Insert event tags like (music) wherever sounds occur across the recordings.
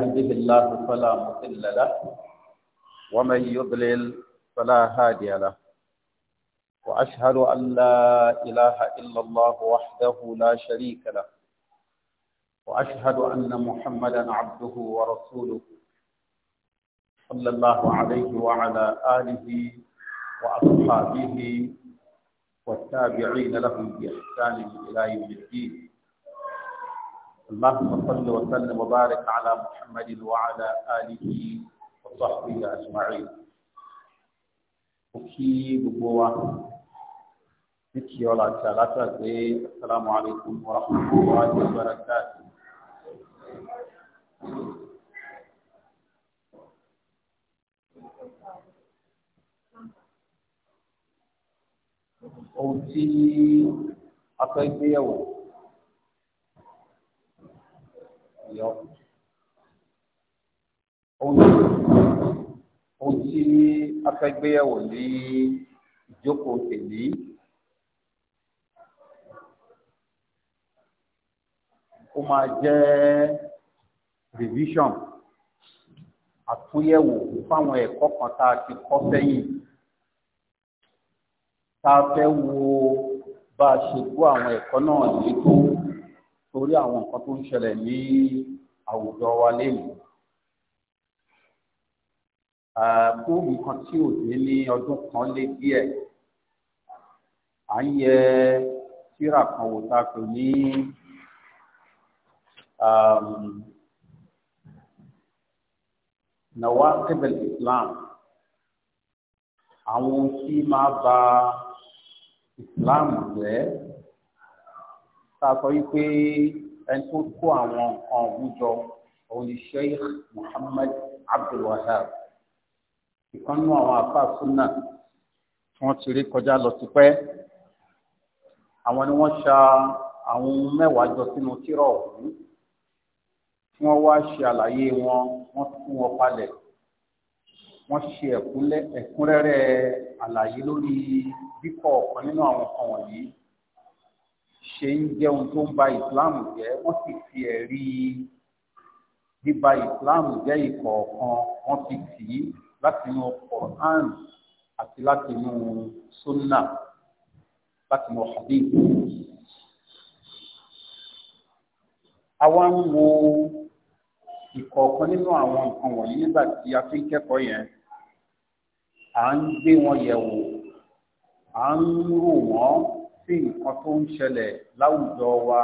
يهده الله فلا مضل له ومن يضلل فلا هادي له وأشهد أن لا إله إلا الله وحده لا شريك له وأشهد أن محمدا عبده ورسوله صلى الله عليه وعلى آله وأصحابه والتابعين لهم بإحسان إلى يوم الدين اللهم صل وسلم وبارك على محمد وعلى آله وصحبه أجمعين وكي بقوة بكي ولا تعالى السلام عليكم ورحمة الله وبركاته أوتي أتاي a yọ. Ohun tí a fẹ́ gbéyẹ̀wò ní ìjókòó tèmi. Ó máa jẹ́ revision àtúnyẹ̀wò fáwọn ẹ̀kọ́ kan tá a ti kọ́ sẹ́yìn tá a fẹ́ wo bá a ṣe gbọ́ àwọn ẹ̀kọ́ náà yìí tó torí àwọn nǹkan tó ń ṣẹlẹ̀ ní àwùjọ wa lénìí. Fóònù kan tí ò dé ní ọdún kan lé díẹ̀, à ń yẹ tírà kan wò ta pè ní um, Nawaqib al-Islam. Àwọn ohun tí máa ba Ìsìláàmù jẹ́ tá a sọ wípé ẹni tó kó àwọn nǹkan òwújọ òun ni sheikh muhammad abdulwahab ìkan nú àwọn àfa súnà tí wọ́n ti rí kọjá lọ tipẹ́ àwọn ni wọ́n ṣa àwọn ohun mẹ́wàá jọ sínú tírọ̀ ọ̀hún tí wọ́n wá ṣe àlàyé wọn wọ́n fún wọn palẹ̀ wọ́n ṣe ẹ̀kúnrẹ́rẹ́ àlàyé lórí bí kọ̀ọ̀kan nínú àwọn kan wọ̀nyí ṣe ń jẹ́ ohun tó ń ba islam jẹ́ wọ́n sì fi ẹ̀rí bíba islam jẹ́ ìkọ̀ọ̀kan wọ́n fi tì í látinú Quran àti látinú sunna látinú hadith. àwa ń wo ìkọ̀ọ̀kan nínú àwọn nǹkan wọ̀nyí nígbà tí a fi ń kẹ́kọ̀ọ́ yẹn à ń gbé wọn yẹ̀ wò à ń rò wọ́n sí nǹkan tó ń ṣẹlẹ̀ láwùjọ wa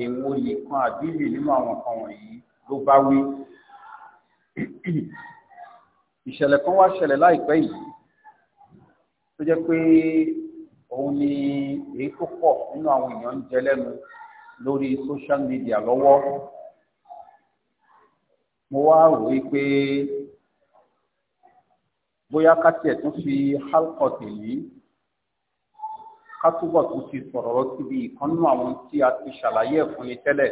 èèwọ̀ nìkan àbílì nínú àwọn nǹkan wọ̀nyí ló bá wí. ìṣẹ̀lẹ̀ kan wá ṣẹlẹ̀ láìpẹ́ yìí tó jẹ́ pé òun ni èyí tó pọ̀ nínú àwọn èèyàn ń jẹ lẹ́nu lórí social media lọ́wọ́ mo wá rò wí pé bóyá ká tiẹ̀ tún fi halkọ̀tì yìí ká túbọ̀ tún ti sọ̀rọ̀ síbi ìkànnú àwọn tí a ti ṣàlàyé ẹ̀ fún ni tẹ́lẹ̀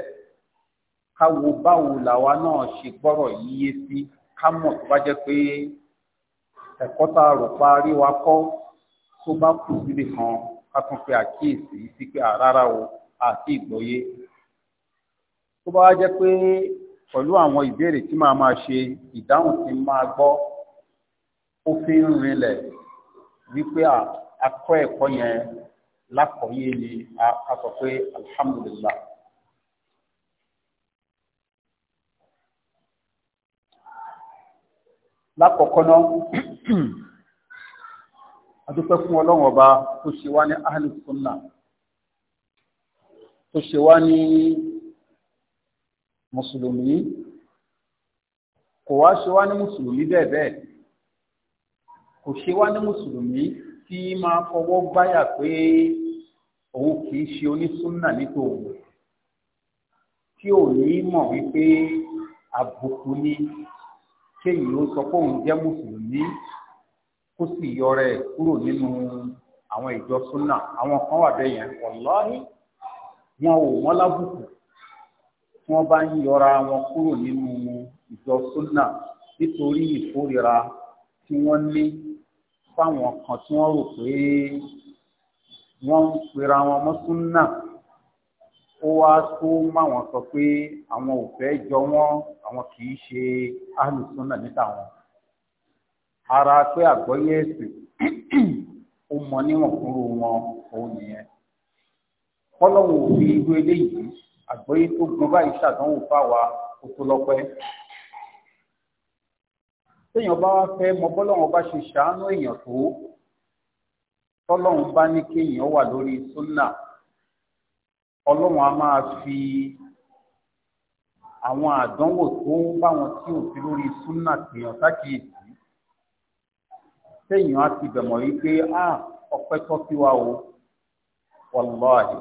ká wo báwo làwa náà ṣe gbọ́rọ̀ yíyé sí ká mọ̀ tó bá jẹ́ pé ẹ̀kọ́ tá a rò pa rí wa kọ́ tó bá kù síbi kan ká tún fi àkíyèsí sí pé àrárá o àti ìgbọ́yé tó bá jẹ́ pé pẹ̀lú àwọn ìbéèrè tí màá máa ṣe ìdáhùn tí máa gbọ́ ó fi ń rinlẹ̀ wípé akọ́ ẹ̀kọ́ yẹn lákọ̀ọ́yé ni a sọ pé alhamdulillah. lákọ̀ọ́kọ́ náà adúpẹ́ (clears throat) fún ọlọ́run ọba tó ṣe wá ní ahlu sunna tó ṣe wá ní mùsùlùmí kò wá ṣe wá ní mùsùlùmí bẹ́ẹ̀ bẹ́ẹ̀ kò ṣe wá ní mùsùlùmí tí máa fọwọ́ gbáyà pé òun kì í ṣe onísúnnà nítòun tí ò ní mọ̀ wípé àbùkù ni kéèyàn ó sọ pé òun jẹ́ mùsùlùmí kó sì yọra ẹ̀ kúrò nínú àwọn ìjọ súnnà àwọn kan wà bẹ́ẹ̀ yẹn wọ̀lọ́ọ̀hìn wọn ò wọ́n lábùkù tí wọ́n bá ń yọra wọn kúrò nínú ìjọ súnnà nítorí ìkórira tí wọ́n ní fáwọn kan tí wọn rò pé wọn ń pera wọn mọ́ náà ó wá tó máwọn sọ pé àwọn ò fẹ́ jọ wọn àwọn kì í ṣe alùsúnà níta wọn ara pé àgbọ́yé ẹ̀sìn ó mọ níwọn kúrò wọn òun nìyẹn kọ́lọ́wọ́ òfin irú eléyìí àgbọ́yé tó gun báyìí ṣàdánwò fáwa kó tó lọ́pẹ́. téèyàn bá wá fẹ́ mọ bọ́lọ́run bá ṣe ṣàánú èèyàn tó tọ́lọ́run bá ní kéèyàn wà lórí sunna ọlọ́run a máa fi àwọn àdánwò tó ń báwọn wọn tí ò sí lórí sunna kéèyàn sákìyèsí téèyàn á ti bẹ̀mọ̀ yìí pé a ọpẹ́ tọ́ sí wa o wàlláhi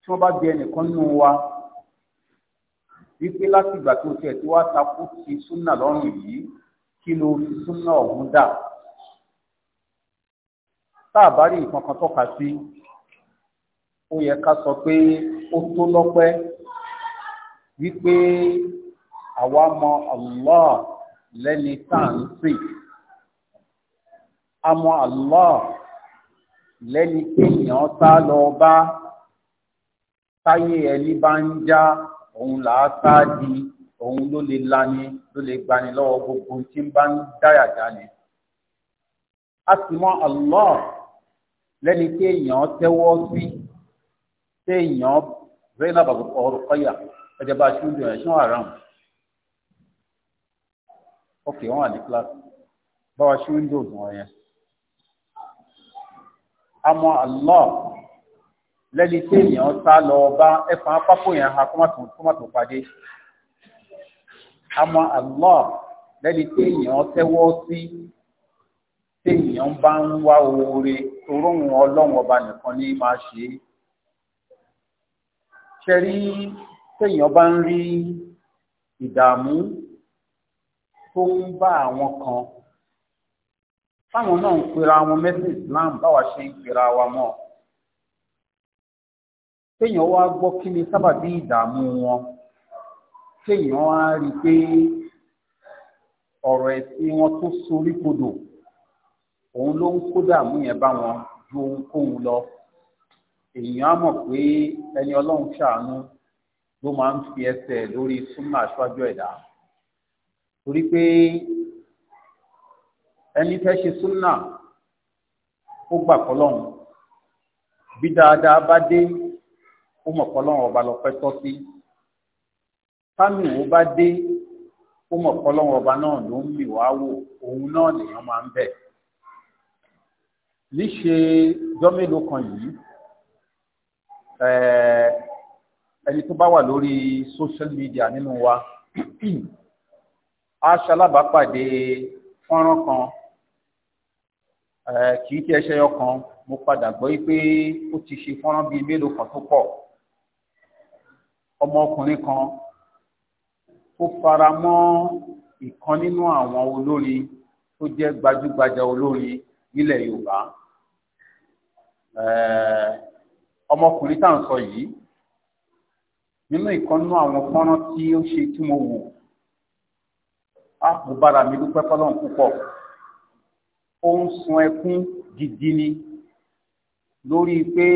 tí wọ́n bá gbé ẹnìkan nínú wa. wípé látìgbà tó tiẹ̀ tí wàá takú ti súnà lọ́rùn yìí kí ló fi súnà ọ̀hún dà tá a bá rí nǹkan kan tọ́ka sí ó yẹ ká sọ pé ó tó lọ́pẹ́ wípé àwa mọ Allah lẹ́ni tá à ń sìn a mọ Allah lẹ́ni kéèyàn tá lọ bá táyé ẹni bá ń já. Ja òun là á sáájì òun ló lè lani ló lè gbani lọ́wọ́ gbogbo tí ń bá ń dáyà jáde. a sì mọ Allah lẹ́ni tí èèyàn tẹ́wọ́ sí tí èèyàn rẹ́nà bàbá ọ̀rọ̀ kọ́yà ẹ̀jẹ̀ bá a ṣe ń dùn ṣé wọ́n àrà ok wọ́n wà ní kíláàsì báwa ṣe ń dùn wọn yẹn. a Allah lẹ́ni tí èèyàn sá lọ bá ẹ̀fọn apákó yẹn ha kọ́mọ̀tò pàdé àmọ́ Allah lẹ́ni tí èèyàn tẹ́wọ́ sí tí èèyàn bá ń wá oore toróhùn ọlọ́run ọba nìkan ní máa ṣe é ṣẹ́rí téèyàn bá ń rí ìdààmú tó ń bá àwọn kan táwọn náà ń pera wọn mẹ́sìn Islam báwa ṣe ń pera wa mọ́ ọ kéèyàn wá gbọ́ kí ni sábàbí ìdààmú wọn kéèyàn wá rí i pé ọ̀rọ̀ ẹ̀sìn wọn tó sorí kodò òun ló ń kó dààmú yẹn bá wọn ju ohunkóhun lọ èèyàn á mọ̀ pé ẹni ọlọ́run ṣàánú ló máa ń fi ẹsẹ̀ lórí súnmọ́ aṣáájú ẹ̀dá torí pé ẹni fẹ́ ṣe súnmọ́ ó gbà kọ́lọ́run bí dáadáa bá dé ó mọ̀ kọ́lọ́run ọba lọ́pẹ́ tọ́ sí támì wo bá dé ó mọ̀ kọ́lọ́run ọba náà ló ń mì wá wò òun náà lèèyàn máa ń bẹ̀ níṣe jọ́ kan yìí ẹni tó bá wà lórí social media nínú wa a (clears throat) ṣalábàápàdé fọ́nrán kan kì í ti ẹṣẹ́ yọ kan mo padà gbọ́ pé ó ti ṣe fọ́nrán bíi mélòó kan tó pọ̀ ọmọkùnrin kan ó fara mọ́ ìkan nínú àwọn olórin tó jẹ́ gbajúgbajà olórin nílẹ̀ Yorùbá ọmọkùnrin tá à ń sọ yìí nínú ìkan nínú àwọn fọ́nrán tí ó ṣe tí mo wò á kò bára mi dúpẹ́ fọlọ́run púpọ̀ ó ń sun ẹkún gidi ni lórí pé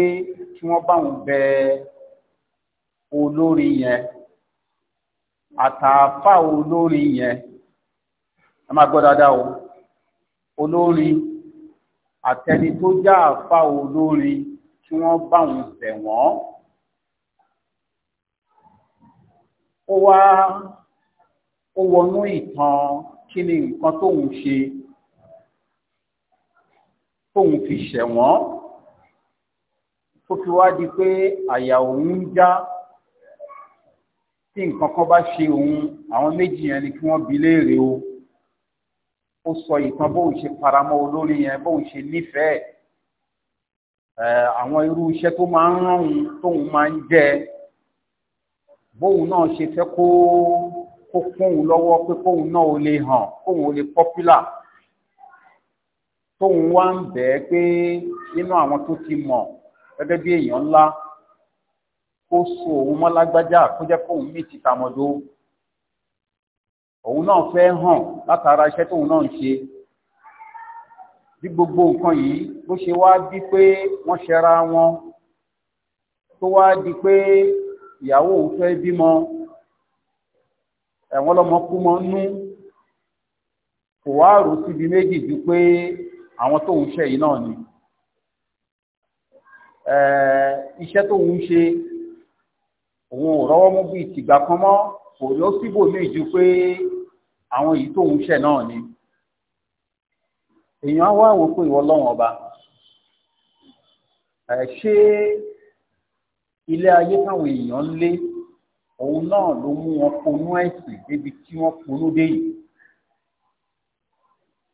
kí wọ́n bá òun bẹ́ẹ̀ olórí yẹn àtàfà olórí yẹn ẹ máa gbọ́ dáadáa o olórí àtẹni tó já àfà olórí kí wọ́n bá òun bẹ̀ wọ́n ó wá ó wọnú ìtàn kí ni nǹkan tóun ṣe tóun fi ṣẹ̀wọ̀n tó fi wá di pé àyà òun ń já. Ja, tí nǹkan kan bá ṣe òun àwọn méjì yẹn ni kí wọ́n bi léèrè o ó sọ ìtàn bóun ṣe paramọ́ olórí yẹn bóun ṣe nífẹ̀ẹ́ àwọn irú iṣẹ́ tó máa ń rán òun tóun máa ń jẹ bóun náà ṣe fẹ́ kó kó kóun lọ́wọ́ pé kóun náà ò lè hàn kóun ò lè pọ́pùlà tóun wá ń bẹ̀ẹ́ pé nínú àwọn tó ti mọ̀ gẹ́gẹ́ bí èèyàn ńlá kó so òun mọ́ lágbájá kó jẹ́ kóun mí ti tàmọ́dó òun náà fẹ́ hàn látara iṣẹ́ tóun náà ń ṣe bí gbogbo nǹkan yìí bó ṣe wá di pé wọ́n ṣẹra wọn tó wá di pé ìyàwó òun fẹ́ bímọ ẹ̀wọ́n lọ́mọ kú mọ́ nú kò wá rò síbi méjì ju pé àwọn tóun ṣe yìí náà ni iṣẹ́ tóun ṣe òun ò rọ́wọ́ mú bíi tìgbà kan mọ́ kò lọ síbò ní ìjú pé àwọn èyí tóun ṣẹ̀ náà ni èèyàn á wá wò pé ìwọ lọ́wọ́n ọba ẹ̀ ṣé ilé ayé táwọn èèyàn ń lé òun náà ló mú wọn ponú ẹ̀sìn débi tí wọ́n ponú dé yìí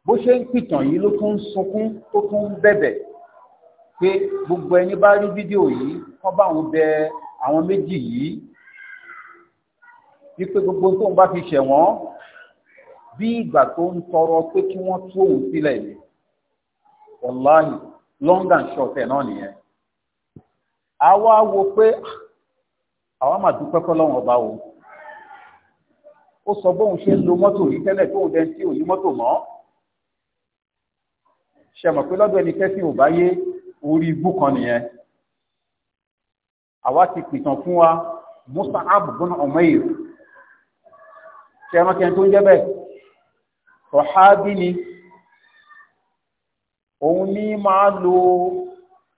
bó ṣe ń pìtàn yìí ló tún ń sunkún tó tún ń bẹ̀bẹ̀ pé gbogbo ẹni bá rí fídíò yìí wọ́n bá òun bẹ àwọn méjì yìí wípé gbogbo tóun bá fi ṣẹ̀wọ́n bí ìgbà tó ń tọrọ pé kí wọ́n tú òun sílẹ̀ yìí wàláhì long and short ẹ̀ náà nìyẹn àwa wo pé àwa máa dúpẹ́ kọ́lọ́wọ́n ọba o ó sọ bóun ṣe ń lo mọ́tò yìí tẹ́lẹ̀ tóun dẹ́n tí ò yí mọ́tò mọ́ ṣe mọ̀ pé lọ́dọ̀ ẹni kẹ́sìn ò bá yé orí ibú kan nìyẹn àwa ti pìtàn fún wa Mus'ab bin Umair ṣẹ́ran kẹ́ni tó ń jẹ́ bẹ́ẹ̀ sọ̀hábí ni òun ní máa lo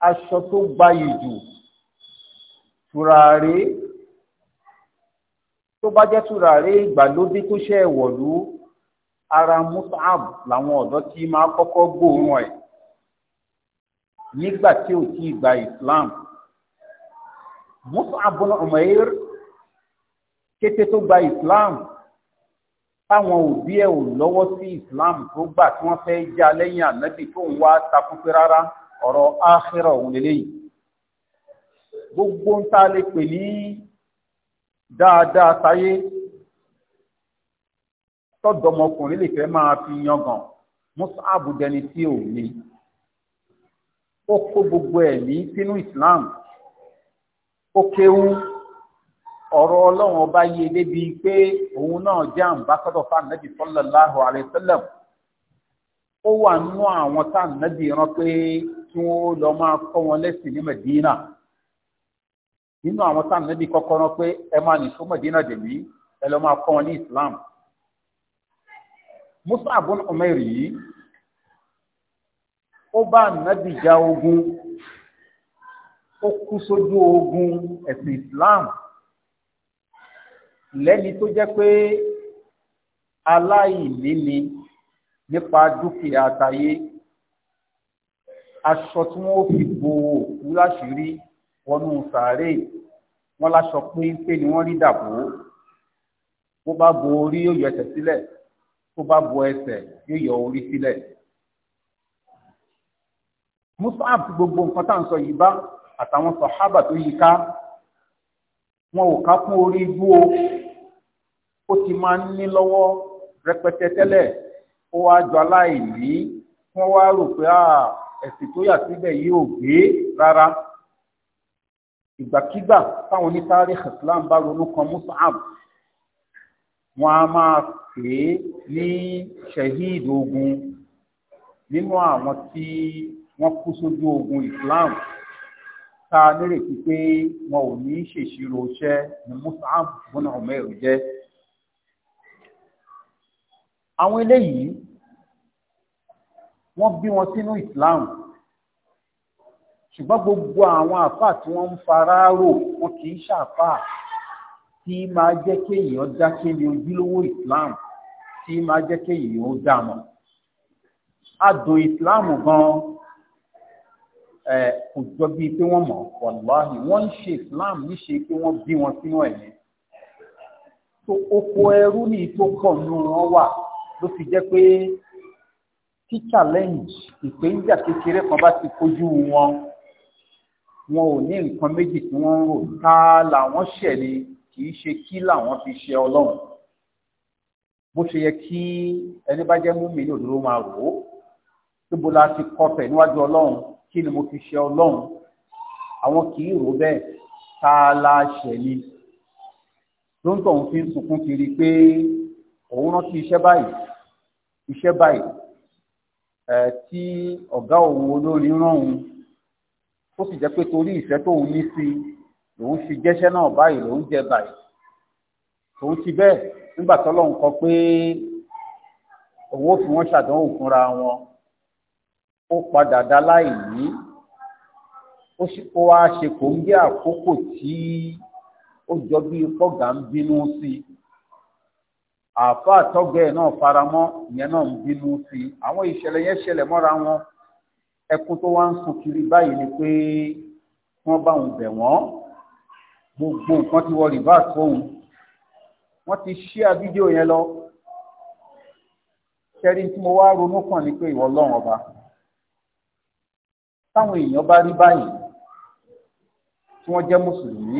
aṣọ tó gbayì jù tùràrí tó bá jẹ́ tùràrí ìgbàlódé tó ṣe ẹ̀wọ̀lú ara Mus'ab làwọn ọ̀dọ́ tí máa kọ́kọ́ gbóòórùn ẹ̀ nígbà tí ò tí ì gba Islam Mus'ab bin Umair kété tó gba Islam táwọn òbí ẹ̀ ò lọ́wọ́ sí Islam tó gbà tí wọ́n fẹ́ já lẹ́yìn ànábì tó ń wá takúpé rárá ọ̀rọ̀ áhírà òun lélẹ́yìí gbogbo ń ta lè pè ní dáadáa táyé tọ́dọ̀mọkùnrin lè fẹ́ máa fi yangàn Mus'ab dẹni tí ò ní ó kó gbogbo ẹ̀ sínú Islam ó kéwú ọ̀rọ̀ ọlọ́run ọba e débi pé òun náà jẹ́ àǹbákọ́dọ̀ fún ànábì sallallahu ó wà nínú àwọn tá ànábì pé kí wọ́n lọ máa kọ́ wọn lẹ́sìn ní Medina nínú àwọn tá kọ́kọ́ rán pé ẹ máa dèmí Islam Musa yìí ó ó kú sójú ogun ẹ̀sìn Islam lẹ́ni tó jẹ́ pé aláìníní nípa dúkìá àtayé aṣọ tí wọ́n fi bo òkú láṣìírí wọnú sàárè wọ́n láṣọ péńpé ni wọ́n rí dàbò bó bá bo orí yóò yọ ẹsẹ̀ sílẹ̀ tó bá bo ẹsẹ̀ yóò yọ orí sílẹ̀. Mus'ab gbogbo nǹkan tá à ń sọ yìí bá àtàwọn sọ̀hábà tó yí ká wọn ò ká kún orí igbó o ó ti máa ń ní lọ́wọ́ rẹpẹtẹ tẹ́lẹ̀ ó wá jọ aláìní wọ́n wá rò pé ẹ̀sìn tó yà síbẹ̀ yìí ò gbé rárá ìgbàkígbà táwọn onítàrí Islam bá ronú kan Mus'ab wọn a máa pè é ní shahid ogun nínú àwọn tí wọ́n kú sójú ogun Islam ta nírètí pé wọn ò ní ṣèṣirò iṣẹ́ ni Mus'ab ibn Umair jẹ́ àwọn eléyìí wọ́n bí wọn sínú Islam ṣùgbọ́n gbogbo àwọn àfáà tí wọ́n ń fara wọn kì í ṣàfáà tí máa jẹ́ kéèyàn dákẹ́ ní ojúlówó Islam tí máa jẹ́ kéèyàn ó dà mọ́ adùn Islam gan kò jọ bíi pé wọ́n mọ̀ wàláhì wọ́n ń ṣe islam níṣe pé wọ́n bí wọn sínú ẹ̀yìn tó oko ẹrú ní tó kàn nù wọn wà ló fi jẹ́ pé tí challenge ìpèníjà kékeré kan bá ti kojú wọn wọn ò ní nǹkan méjì tí wọ́n ń rò ká làwọn ṣẹ̀ ni kì í ṣe kí làwọn fi ṣe ọlọ́run bó ṣe yẹ kí ẹni bá jẹ́ mú mi ní òdòdó máa rò ó níbo la ti kọfẹ̀ níwájú ọlọ́run kí ni mo fi ṣe ọlọ́run àwọn kì í rò bẹ́ẹ̀ tá a la ṣẹ̀ ni ló ń tọ̀hún fi ń sunkún kiri pé òun rántí iṣẹ́ báyìí iṣẹ́ báyìí ẹ̀ tí ọ̀gá òun olórin rán òun tó sì jẹ́ pé torí ìfẹ́ tóun ní sí lòun fi jẹ́ṣẹ́ náà báyìí lòun jẹ báyìí tòun ti bẹ́ẹ̀ nígbà tọ́lọ́run kọ pé owó fi wọ́n ṣàdánwò fúnra wọn ó padà dá láìní ó wá ṣe kò ń gé àkókò tí ó jọ bí pọ́gà ń bínú sí àáfàá tọ́gẹ̀ náà faramọ́ ìyẹn náà ń bínú sí àwọn ìṣẹ̀lẹ̀ yẹn ṣẹlẹ̀ mọ́ra wọn ẹkún tó wá ń sùn kiri báyìí ni pé wọ́n bá òun bẹ̀ wọ́n gbogbo nǹkan ti wọ rìvásì fóun wọ́n ti ṣí àbídíò yẹn lọ ṣẹ́rí tí mo wá ronú kàn ní pé ìwọ ọlọ́run ọba táwọn èèyàn bá rí báyìí tí wọ́n jẹ́ mùsùlùmí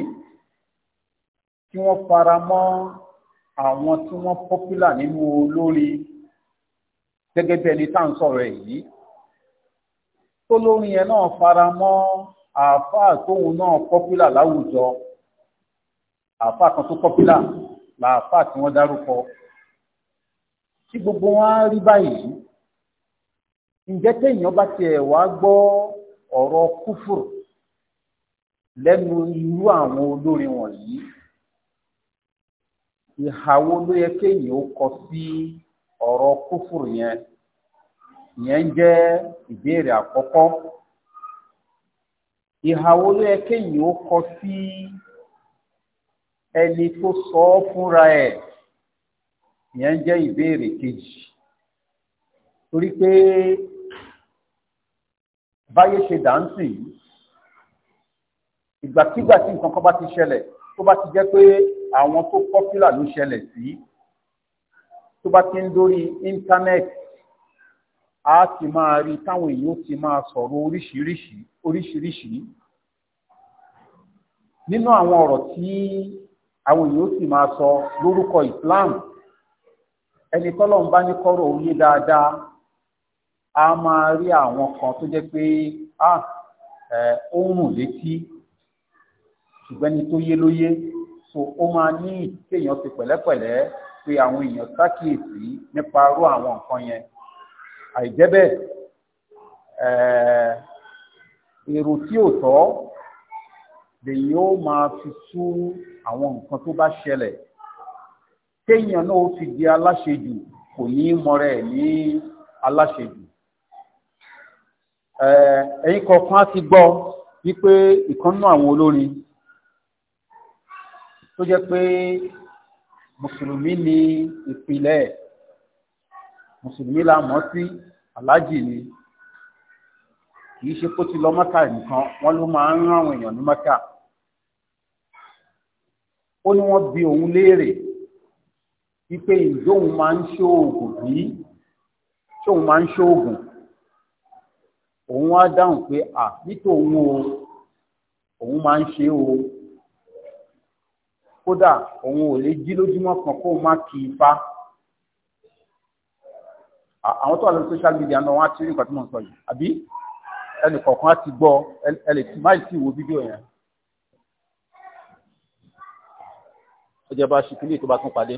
tí wọ́n fara mọ́ àwọn tí wọ́n popular nínú olórí gẹ́gẹ́ bí ẹni tá à ń sọ̀rọ̀ ẹ̀ yìí tó lórin yẹn náà fara mọ́ àáfàá tóun náà popular láwùjọ àáfàá kan tó popular làáfàá tí wọ́n dárúkọ tí gbogbo wọn á rí báyìí ǹjẹ́ téèyàn bá tiẹ̀ wá gbọ́ ọ̀rọ̀ kúfùrù lẹ́nu irú àwọn olórin wọ̀nyí ìhàwó ló yẹ kéèyàn ó kọ sí ọ̀rọ̀ kúfùrù yẹn yẹn jẹ́ ìbéèrè àkọ́kọ́ ìhàwó ló yẹ kéèyàn ó kọ sí ẹni tó sọ ọ́ fúnra ẹ̀ yẹn jẹ́ ìbéèrè kejì torí pé báyé ṣe dáńsì yìí ìgbàkigbà tí nǹkan kan bá ti ṣẹlẹ̀ tó bá ti jẹ́ pé àwọn tó pọ́pùlà ló ṣẹlẹ̀ sí tó bá ti ń dórí íńtánẹ́ẹ̀tì a ti máa rí táwọn èèyàn ti máa sọ̀rọ̀ oríṣiríṣi oríṣiríṣi nínú àwọn ọ̀rọ̀ tí àwọn èèyàn sì máa sọ lórúkọ Islam ẹni tọ́lọ́run ní kọ́rọ̀ òye dáadáa a máa rí àwọn kan tó jẹ́ pé a ó rùn létí ṣùgbọ́n ẹni tó yé ló yé so ó máa ní kéèyàn ti pẹ̀lẹ́pẹ̀lẹ́ pé àwọn èèyàn ṣàkíyèsí nípa irú àwọn nǹkan yẹn àìjẹ́ bẹ́ẹ̀ èrò tí ò tọ́ lèyìn ó máa fi tú àwọn nǹkan tó bá ṣẹlẹ̀ kéèyàn náà ó fi di aláṣejù kò ní mọ̀rẹ́ ní aláṣejù Eh, ẹ̀yìn kọ̀ọ̀kan á ti gbọ́ wípé ìkannú àwọn olórin tó jẹ́ pé mùsùlùmí ni ìpìlẹ̀ mùsùlùmí la mọ̀ sí aláàjì ni kìí ṣe kó ti lọ mọ́kà nìkan wọ́n ló máa ń rán àwọn èèyàn ní mọ́kà ó ní wọ́n bi òun léèrè wípé ìjọ máa ń ṣe oògùn bí ṣé máa ń ṣe oògùn òun wá dáhùn pé à nítòun o òun máa ń ṣe o kódà òun ò lè jí lójúmọ́ kan kó má kì í pa àwọn tó wà lórí social media náà wọ́n á ti rí nǹkan tí mò ń sọ yìí àbí ẹnì kọ̀ọ̀kan á ti gbọ́ ẹ lè má ì tí ì wo fídíò yẹn. ó jẹ́ bá ṣìkìlì tó bá tún padé.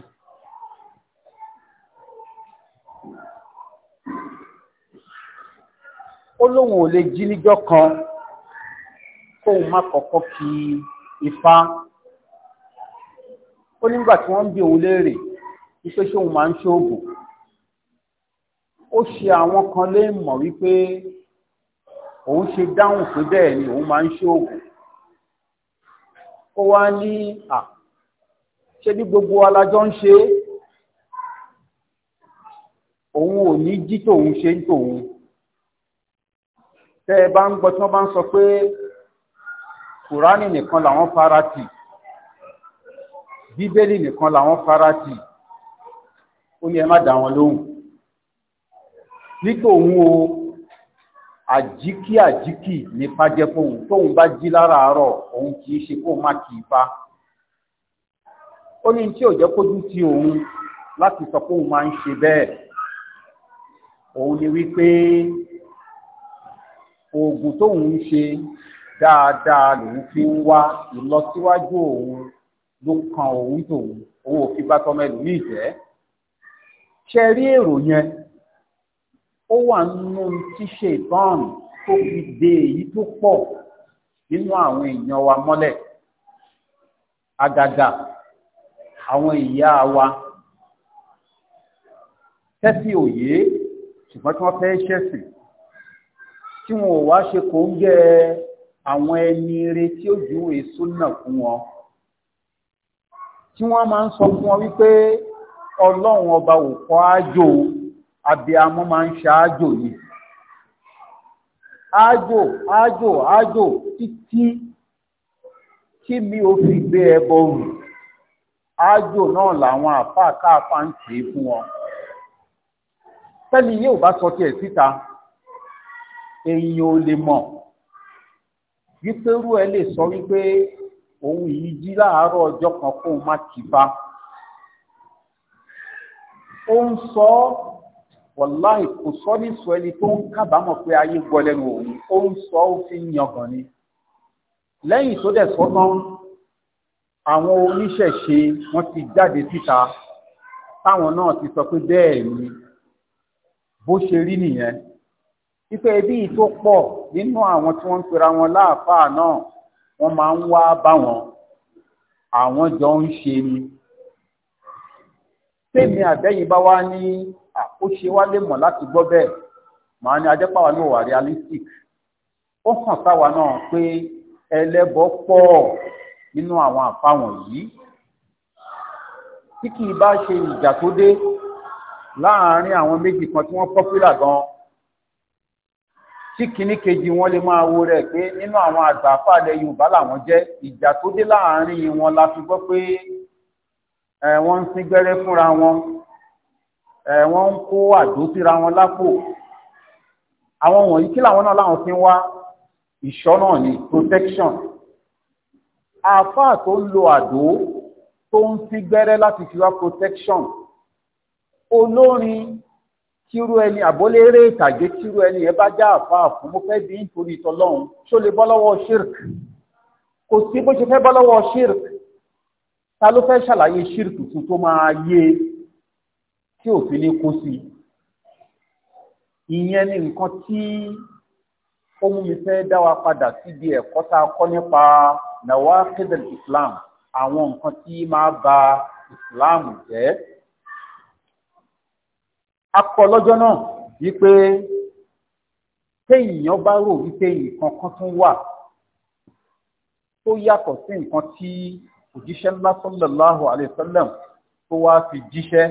ó lóun ò lè jí níjọ́ kan kóun má kọ́kọ́ kí ifá ó nígbà tí wọ́n ń bi òun léèrè wípé ṣé òun máa ń ṣoògùn ó ṣe àwọn kan lè mọ̀ wípé òun ṣe dáhùn pé bẹ́ẹ̀ ni òun máa ń ṣoògùn ó wá ní à ṣé bí gbogbo alájọ ń ṣe òun ò ní jí tòun ṣe ń tòun tẹ́ ẹ bá ń gbọ́ tí wọ́n bá ń sọ pé kùránì nìkan làwọn fara tì bíbélì nìkan làwọn fara tì ó ní ẹ má dá wọn lóhùn nítòun o àjíkí àjíkí nípa jẹ fóun tóun bá jí láràárọ̀ òun kì í ṣe kó má kì í fa ó ní tí ò jẹ́ kójú ti òun láti sọ pé òun máa ń ṣe bẹ́ẹ̀ òun ni wípé oògùn tóun ń ṣe dáadáa lòun fi ń wá ìlọsíwájú òun ló kan òun tòun owó òfin bá ṣe rí èrò yẹn ó wà nínú ṣíṣe tó fi de èyí tó pọ̀ nínú àwọn èèyàn wa mọ́lẹ̀ àgàgà àwọn ìyá wa tẹ́sí òye ṣùgbọ́n tí wọn ò wá ṣe kò ń gẹ àwọn ẹni ire tí ó ju èso náà fún wọn tí wọn máa ń sọ fún wọn wípé Ọlọ́run ọba ò kọ ájò abiyamọ máa ń Ájò yìí ájò ájò ájò títí kí mi ò fi gbé ẹbọ rù ájò náà làwọn àfáà káàpá ń tì í fún wọn fẹ́ni yóò bá sọ tiẹ̀ síta. Si èyí ò lè mọ̀ wípérú ẹ lè sọ wípé òun yìí jí láàárọ̀ ọjọ́ kan kó má kìfà ó ń sọ wàláì kò sọ ní sọ ẹni tó ń kábàámọ̀ pé ayé gbọ́ lẹ́nu òun ó ń sọ ó fi ń yangàn ni lẹ́yìn tó dẹ̀ sọ tán àwọn oníṣẹ̀ṣe wọ́n ti jáde síta táwọn náà ti sọ pé bẹ́ẹ̀ ni bó ṣe rí nìyẹn ife ẹbí tó pọ̀ nínú àwọn tí wọ́n ń pera wọn láàfáà náà wọ́n máa ń wá bá wọn àwọn jọ ń ṣe ni tèmi àbẹ́yìn bá wá ní àkóṣe wá lè mọ̀ láti gbọ́ bẹ́ẹ̀ màá ní ajẹ́pàwà náà wà realistic ó hàn sáwa náà pé ẹlẹ́bọ pọ̀ nínú àwọn àfa wọ̀nyí tí kì í bá ṣe ìjà tó dé láàárín àwọn méjì kan tí wọ́n pọ́pílà gan-an tí kìíní kejì wọn lè máa wo rẹ̀ pé nínú àwọn àgbàfà ilẹ̀ yorùbá làwọn jẹ́ ìjà tó dé láàrin wọn la fi gbọ́ pé wọ́n ń sín gbẹ́rẹ́ fúnra wọn wọ́n ń kó àdó síra wọn lápò àwọn wọ̀nyí kí làwọn náà láwọn fi ń wá ìṣọ́nà ní protection àfà tó ń lo àdó tó ń sín gbẹ́rẹ́ láti fi wá protection olórin tírú ẹni àbóléré ìtàgé tírú ẹni yẹn bá já àfáà fún mo fẹ́ bí nítorí ìtọ́lọ́run ṣó lè bọ́ lọ́wọ́ shirk kò sí bó ṣe fẹ́ bọ́ lọ́wọ́ shirk ta ló fẹ́ ṣàlàyé shirk fún tó máa yé tí òfin ní kó sí ìyẹn ni nǹkan tí ó mú mi fẹ́ dá wa padà síbi ẹ̀kọ́ tá a kọ́ nípa nawaqid al-islam àwọn nǹkan tí máa ba islam jẹ́ akọ lọ́jọ́ náà wípé téèyàn bá rò wípé nǹkan kan tún wà tó yàtọ̀ sí nǹkan tí òjíṣẹ́ ńlá sallallahu alaihi wasallam tó wá fi jíṣẹ́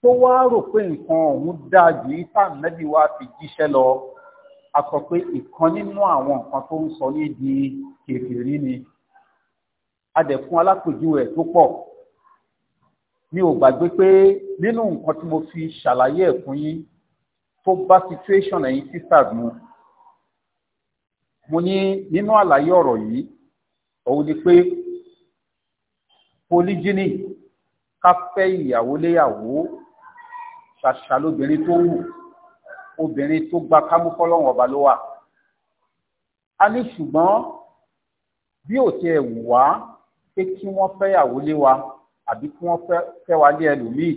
tó wá rò pé nǹkan ọ̀hún dáa jù yí tá wá fi jíṣẹ́ lọ a sọ pé ìkan nínú àwọn nǹkan tó ń sọ ní di kèfèrí ni a dẹ̀ fún alápèjúwe tó pọ̀ mi ò gbàgbé pé nínú nǹkan tí mo fi ṣàlàyé ẹ̀ fún yín tó bá situation ẹ̀yin sisters mu mo ní nínú àlàyé ọ̀rọ̀ yìí òun ni pé polygyny ká fẹ́ ìyàwó léyàwó ṣàṣà lóbìnrin tó wù obìnrin tó gba kámúfọ́lọ́wọ̀n ọba ló wà a ní ṣùgbọ́n bí ò tiẹ̀ wù wá pé kí wọ́n fẹ́yàwó lé wa àbí kí wọ́n fẹ́ wá lé ẹlòmíì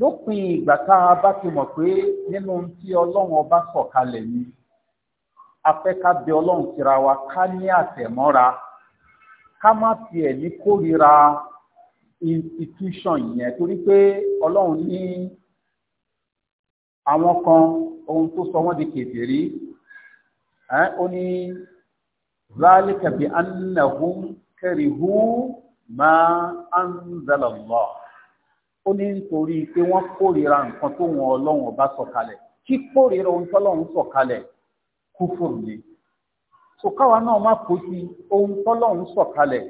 lópin ìgbà tá a bá ti mọ̀ pé nínú tí ọlọ́run ọba sọ̀kalẹ̀ ni a fẹ́ ká bẹ ọlọ́run tira wa ká ní àtẹ̀mọ́ra ká má tiẹ̀ ní kórìíra institution yẹn torí pé ọlọ́run ní àwọn kan ohun tó sọ wọ́n di kèfèrí ó ní zálíkà bí annahum karihu ma anzala Allah ó ní nítorí pé wọ́n kórìíra nǹkan tó wọn ọlọ́run ọba sọ̀kalẹ̀ kí kórìíra ohun tọ́lọ́run sọ̀kalẹ̀ kúfùrù ni so káwa náà má kó sí ohun tọ́lọ́run sọ̀kalẹ̀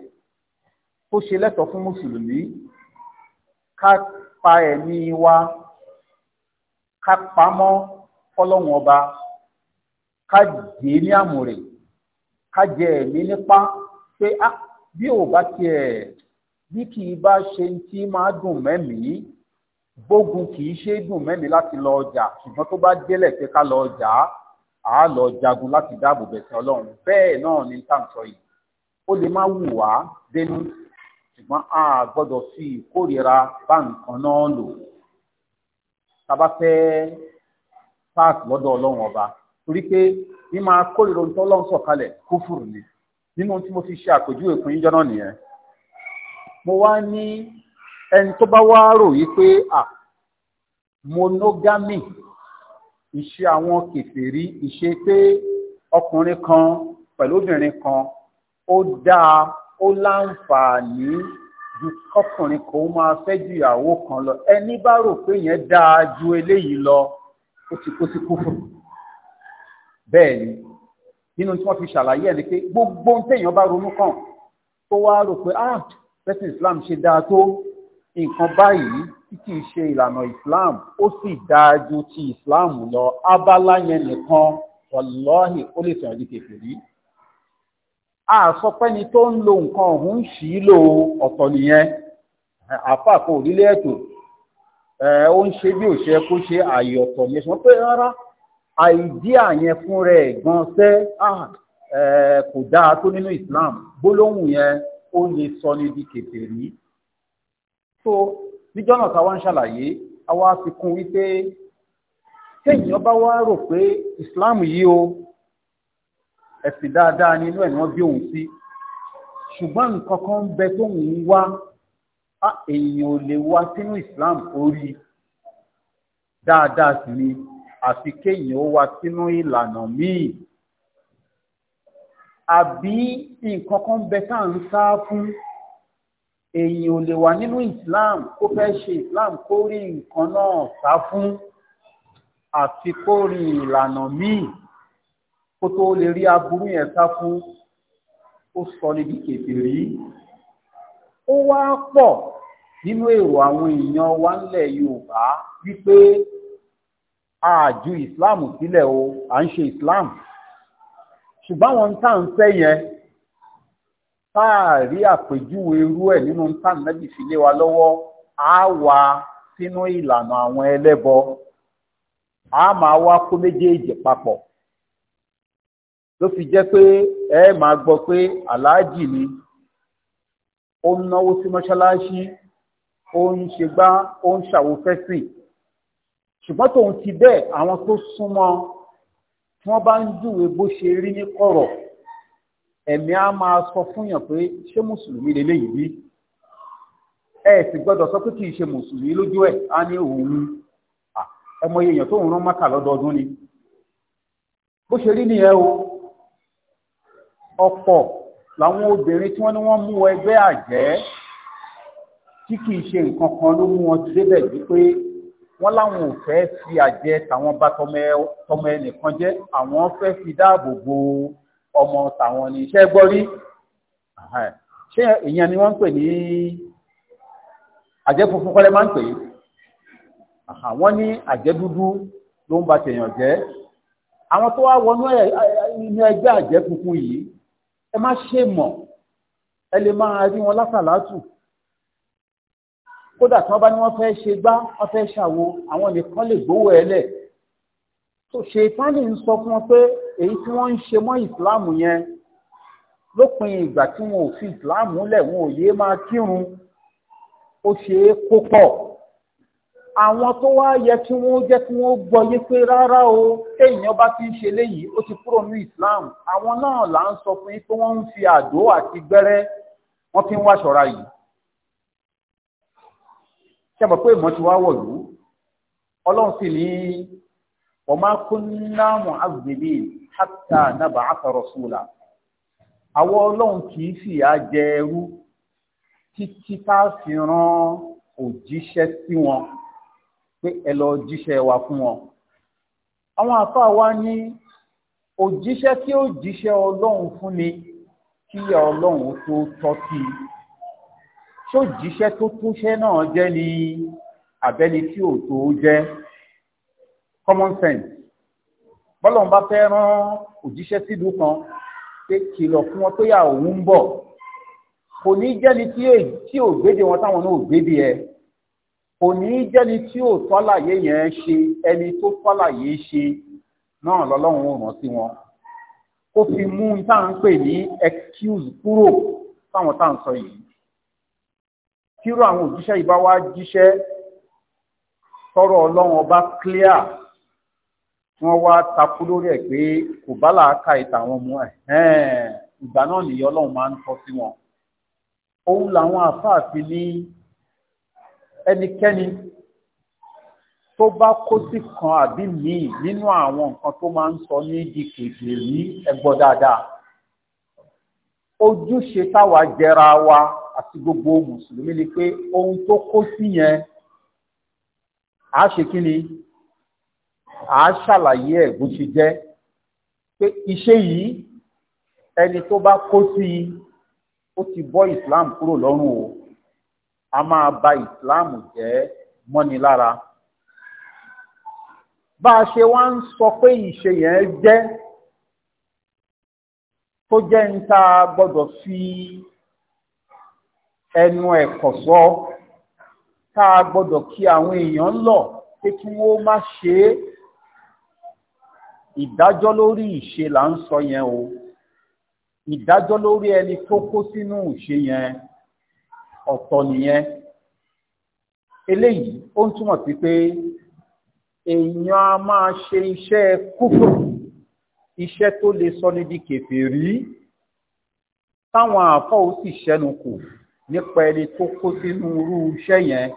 tó ṣe lẹ́tọ̀ọ́ fún mùsùlùmí ká pa ẹ̀mí wa ká pamọ́ fọ́lọ́run ọba ká jẹ́ ní àmùrè ká jẹ ẹ̀mí nípa pé á ah, bí ò bá tiẹ̀ bí kì í bá ṣe tí máa dùn mẹ́mìí gbógun kì í ṣe dùn mẹ́mìí láti lọ ọjà ṣùgbọ́n tó bá délẹ̀ pé ká lọ ọjà á lọ jagun láti dáàbò bẹ̀sẹ̀ ọlọ́run bẹ́ẹ̀ náà ni tá à ń sọ yìí ó lè má wù wá dénú ṣùgbọ́n a gbọ́dọ̀ fi ìkórìíra bá nǹkan náà lò tá bá fẹ́ páàkì lọ́dọ̀ ọlọ́run ọba torí pé mímọ akórìíra ohun tó lọ́n sọ̀kalẹ̀ kúfùrù ni nínú tí mo fi ṣe àpèjúwe fún yíjọ́ náà nìyẹn mo wá ní ẹni tó bá wá rò yí pé à monogamy ìṣe àwọn kèfèrí ìṣe pé ọkùnrin kan pẹ̀lú obìnrin kan ó dáa ó láǹfààní ju kọkùnrin kò máa fẹ́ ju ìyàwó kan lọ ẹni bá rò pé yẹn dáa ju eléyìí lọ ó ti kó sí kúfù bẹ́ẹ̀ ni nínú tí wọ́n fi ṣàlàyé ẹ̀ ni pé gbogbo ohun téèyàn bá ronú kàn tó wá rò pé ah bẹ́sẹ̀ islam ṣe dáa tó nǹkan báyìí tí kì í ṣe ìlànà islam ó sì dáa ju ti islam lọ abala yẹn nìkan wàlọ́hì ó lè sọ̀rọ̀ di kèfèrí. a sọ pé ni tó ń lo nǹkan ọ̀hún ń ṣì í lò ọ̀tọ̀ nìyẹn àfa àpò òrílẹ̀ ètò ó ń ṣe bí òṣè ṣe àyè ọ̀tọ̀ nìyẹn ṣùgbọ́n pé rárá àìdíà yẹn fún rẹ̀ gan sẹ́ ah, kò dáa tó nínú Islam gbólóhùn yẹn ó lè sọ ní di kèfèrí so níjọ́ náà táwa ń ṣàlàyé àwa fi kún wípé téèyàn bá wá rò pé Islam yìí o ẹ̀sìn dáadáa ni inú ẹ̀ ni wọ́n bí òun sí ṣùgbọ́n nǹkan kan ń bẹ tóun ń wá èèyàn ò lè wá sínú Islam orí dáadáa sì ni àfi kéyìn ó wá sínú ìlànà míì àbí nǹkan kan bẹ tá ń sá fún èyàn ò lè wà nínú Islam kó fẹ́ ṣe Islam kó rí nǹkan náà sá fún àti kó rí ìlànà míì kó tó lè rí aburú yẹn sá fún ó sọ níbi kèfèrí ó wá pọ̀ nínú èrò àwọn èèyàn wa ńlẹ̀ Yorùbá wípé àjù islam sílẹ̀ o à ń ṣe islam ṣùgbọ́n wọn tá à ń fẹ́ yẹn táàrí àpèjúwe irú ẹ̀ nínú tá nẹ́bì fi lé wa lọ́wọ́ a wà sínú ìlànà àwọn ẹlẹ́bọ á máa wá kó méjèèjì papọ̀ ló fi jẹ́ pé ẹ máa gbọ́ pé aláàjì ni ó náwó sí mọ́ṣáláṣí ó ń ṣe gbá ó ń ṣàwòfẹ́sìn ṣùgbọ́n tòun ti bẹ́ẹ̀ àwọn tó súnmọ́ tí wọ́n bá ń júwe bó ṣe rí ní kọ̀rọ̀ ẹ̀mí á máa sọ fúnyàn pé ṣé mùsùlùmí lélẹ́yìí bí ẹ sì gbọ́dọ̀ sọ pé kì í ṣe mùsùlùmí lójú ẹ̀ á ní òun ẹmọ èèyàn tó ń rán mákà lọ́dọọdún ni bó ṣe rí nìyẹn o ọ̀pọ̀ làwọn obìnrin tí wọ́n ní wọ́n mú ẹgbẹ́ àjẹ́ tí kì í ṣe nǹkan kan ló mú wọn débẹ̀ wípé wọ́n láwọn ò fẹ́ fi àjẹ tàwọn bá tọmọ ẹnìkan jẹ́ àwọn fẹ́ fi dáàbò bo ọmọ tàwọn ní iṣẹ́ gbọ́ rí ṣé ìyẹn ni wọ́n ń pè ní àjẹ funfun kọ́lẹ́ máa ń pè é wọ́n ní àjẹ dúdú ló ń ba tèèyàn jẹ́ àwọn tó wá wọnú inú ẹgbẹ́ àjẹ funfun yìí ẹ má ṣe mọ̀ ẹ lè máa rí wọn lásàlátù kódà tí wọ́n bá ní wọ́n fẹ́ ṣe gbá wọ́n fẹ́ ṣàwo àwọn nìkan lè gbowó ẹ lẹ̀ tó ṣètánì ń sọ fún wọn pé èyí tí wọ́n ń ṣe mọ́ ìsìláàmù yẹn lópin ìgbà tí wọn ò fi ìsìláàmù lẹ̀ wọn ò yéé máa kírun ó ṣe é kó pọ̀ àwọn tó wá yẹ kí wọ́n jẹ́ kí wọ́n gbọ́yé pé rárá o téèyàn bá ti ń ṣe léyìí ó ti kúrò ní Islam àwọn náà là ń sọ fún yín pé wọ́n ń fi àdó àti gbẹ́rẹ́ wọ́n fi ń wáṣọra yìí ṣàbà pé ìmọ̀ ti wá wọ̀lú ọlọ́run sì ní ọmọ kúnná mu'azzibi hatta nab'atha rasula àwọn ọlọ́run kì í sì á jẹ ẹrú títí tá a fi rán òjíṣẹ́ sí wọn pé ẹ lọ jíṣẹ́ wa fún wọn àwọn àfa wa ní òjíṣẹ́ tí ó jíṣẹ́ ọlọ́run fún ni kí ọlọ́run tó tọ́ sí i ṣó jíṣẹ́ tó túnṣẹ́ náà jẹ́ ni àbẹ́ni tí ò tó jẹ́ common sense bọ́lọ̀n bá fẹ́ rán òjíṣẹ́ sílùú kan pé kìlọ̀ fún wọn pé yà òun ń bọ̀ kò ní jẹ́ni tí ò gbéde wọn táwọn náà ò gbéde ẹ kò ní jẹ́ni tí ò tọ́láyé yẹn ṣe ẹni tó tọ́láyé ṣe náà lọ́lọ́run ò rán sí wọn kó fi mú táà ń pè ní excuse kúrò táwọn táà ń sọ yìí tíró àwọn òjíṣẹ́ ìbá wá jíṣẹ́ tọ́rọ̀ ọlọ́run ọba clear wọ́n wá takú lórí ẹ̀ pé kò bá làákà ìtàwọn ọmọ ẹ̀ ìgbà náà nìyí ọlọ́run máa ń tọ́ sí wọn òun làwọn àfáàfin ní ẹnikẹ́ni tó bá kó sí kan àbí míì nínú àwọn nǹkan tó máa ń sọ ní di kèfèrí ẹ dáadáa ojúṣe táwa jẹra wa àti gbogbo mùsùlùmí ni pé ohun tó kó sí yẹn a ṣe kí ni a ṣàlàyé ẹ̀ bó ṣe jẹ́ pé iṣẹ́ yìí ẹni tó bá kó sí i ó ti bọ́ islam kúrò lọ́rùn o a máa ba islam jẹ́ mọ́ni lára bá a ṣe wá ń sọ pé ìṣe yẹn jẹ́ tó jẹ́ ń ta gbọ́dọ̀ fi ẹnu ẹ̀kọ́ sọ tá a gbọ́dọ̀ kí àwọn èèyàn lọ pé kí wọ́n má ṣe é ìdájọ́ lórí ìṣe là ń sọ yẹn o ìdájọ́ lórí ẹni tó kó sínú ìṣe yẹn ọ̀tọ̀ nìyẹn eléyìí ó ń túmọ̀ sí pé èèyàn a máa ṣe iṣẹ́ kúfùrù iṣẹ́ tó lè sọ ní di kèfèrí táwọn àáfọ̀ ó sì ṣẹ́nu kù nípa ẹni tó kó sínú irú iṣẹ́ yẹn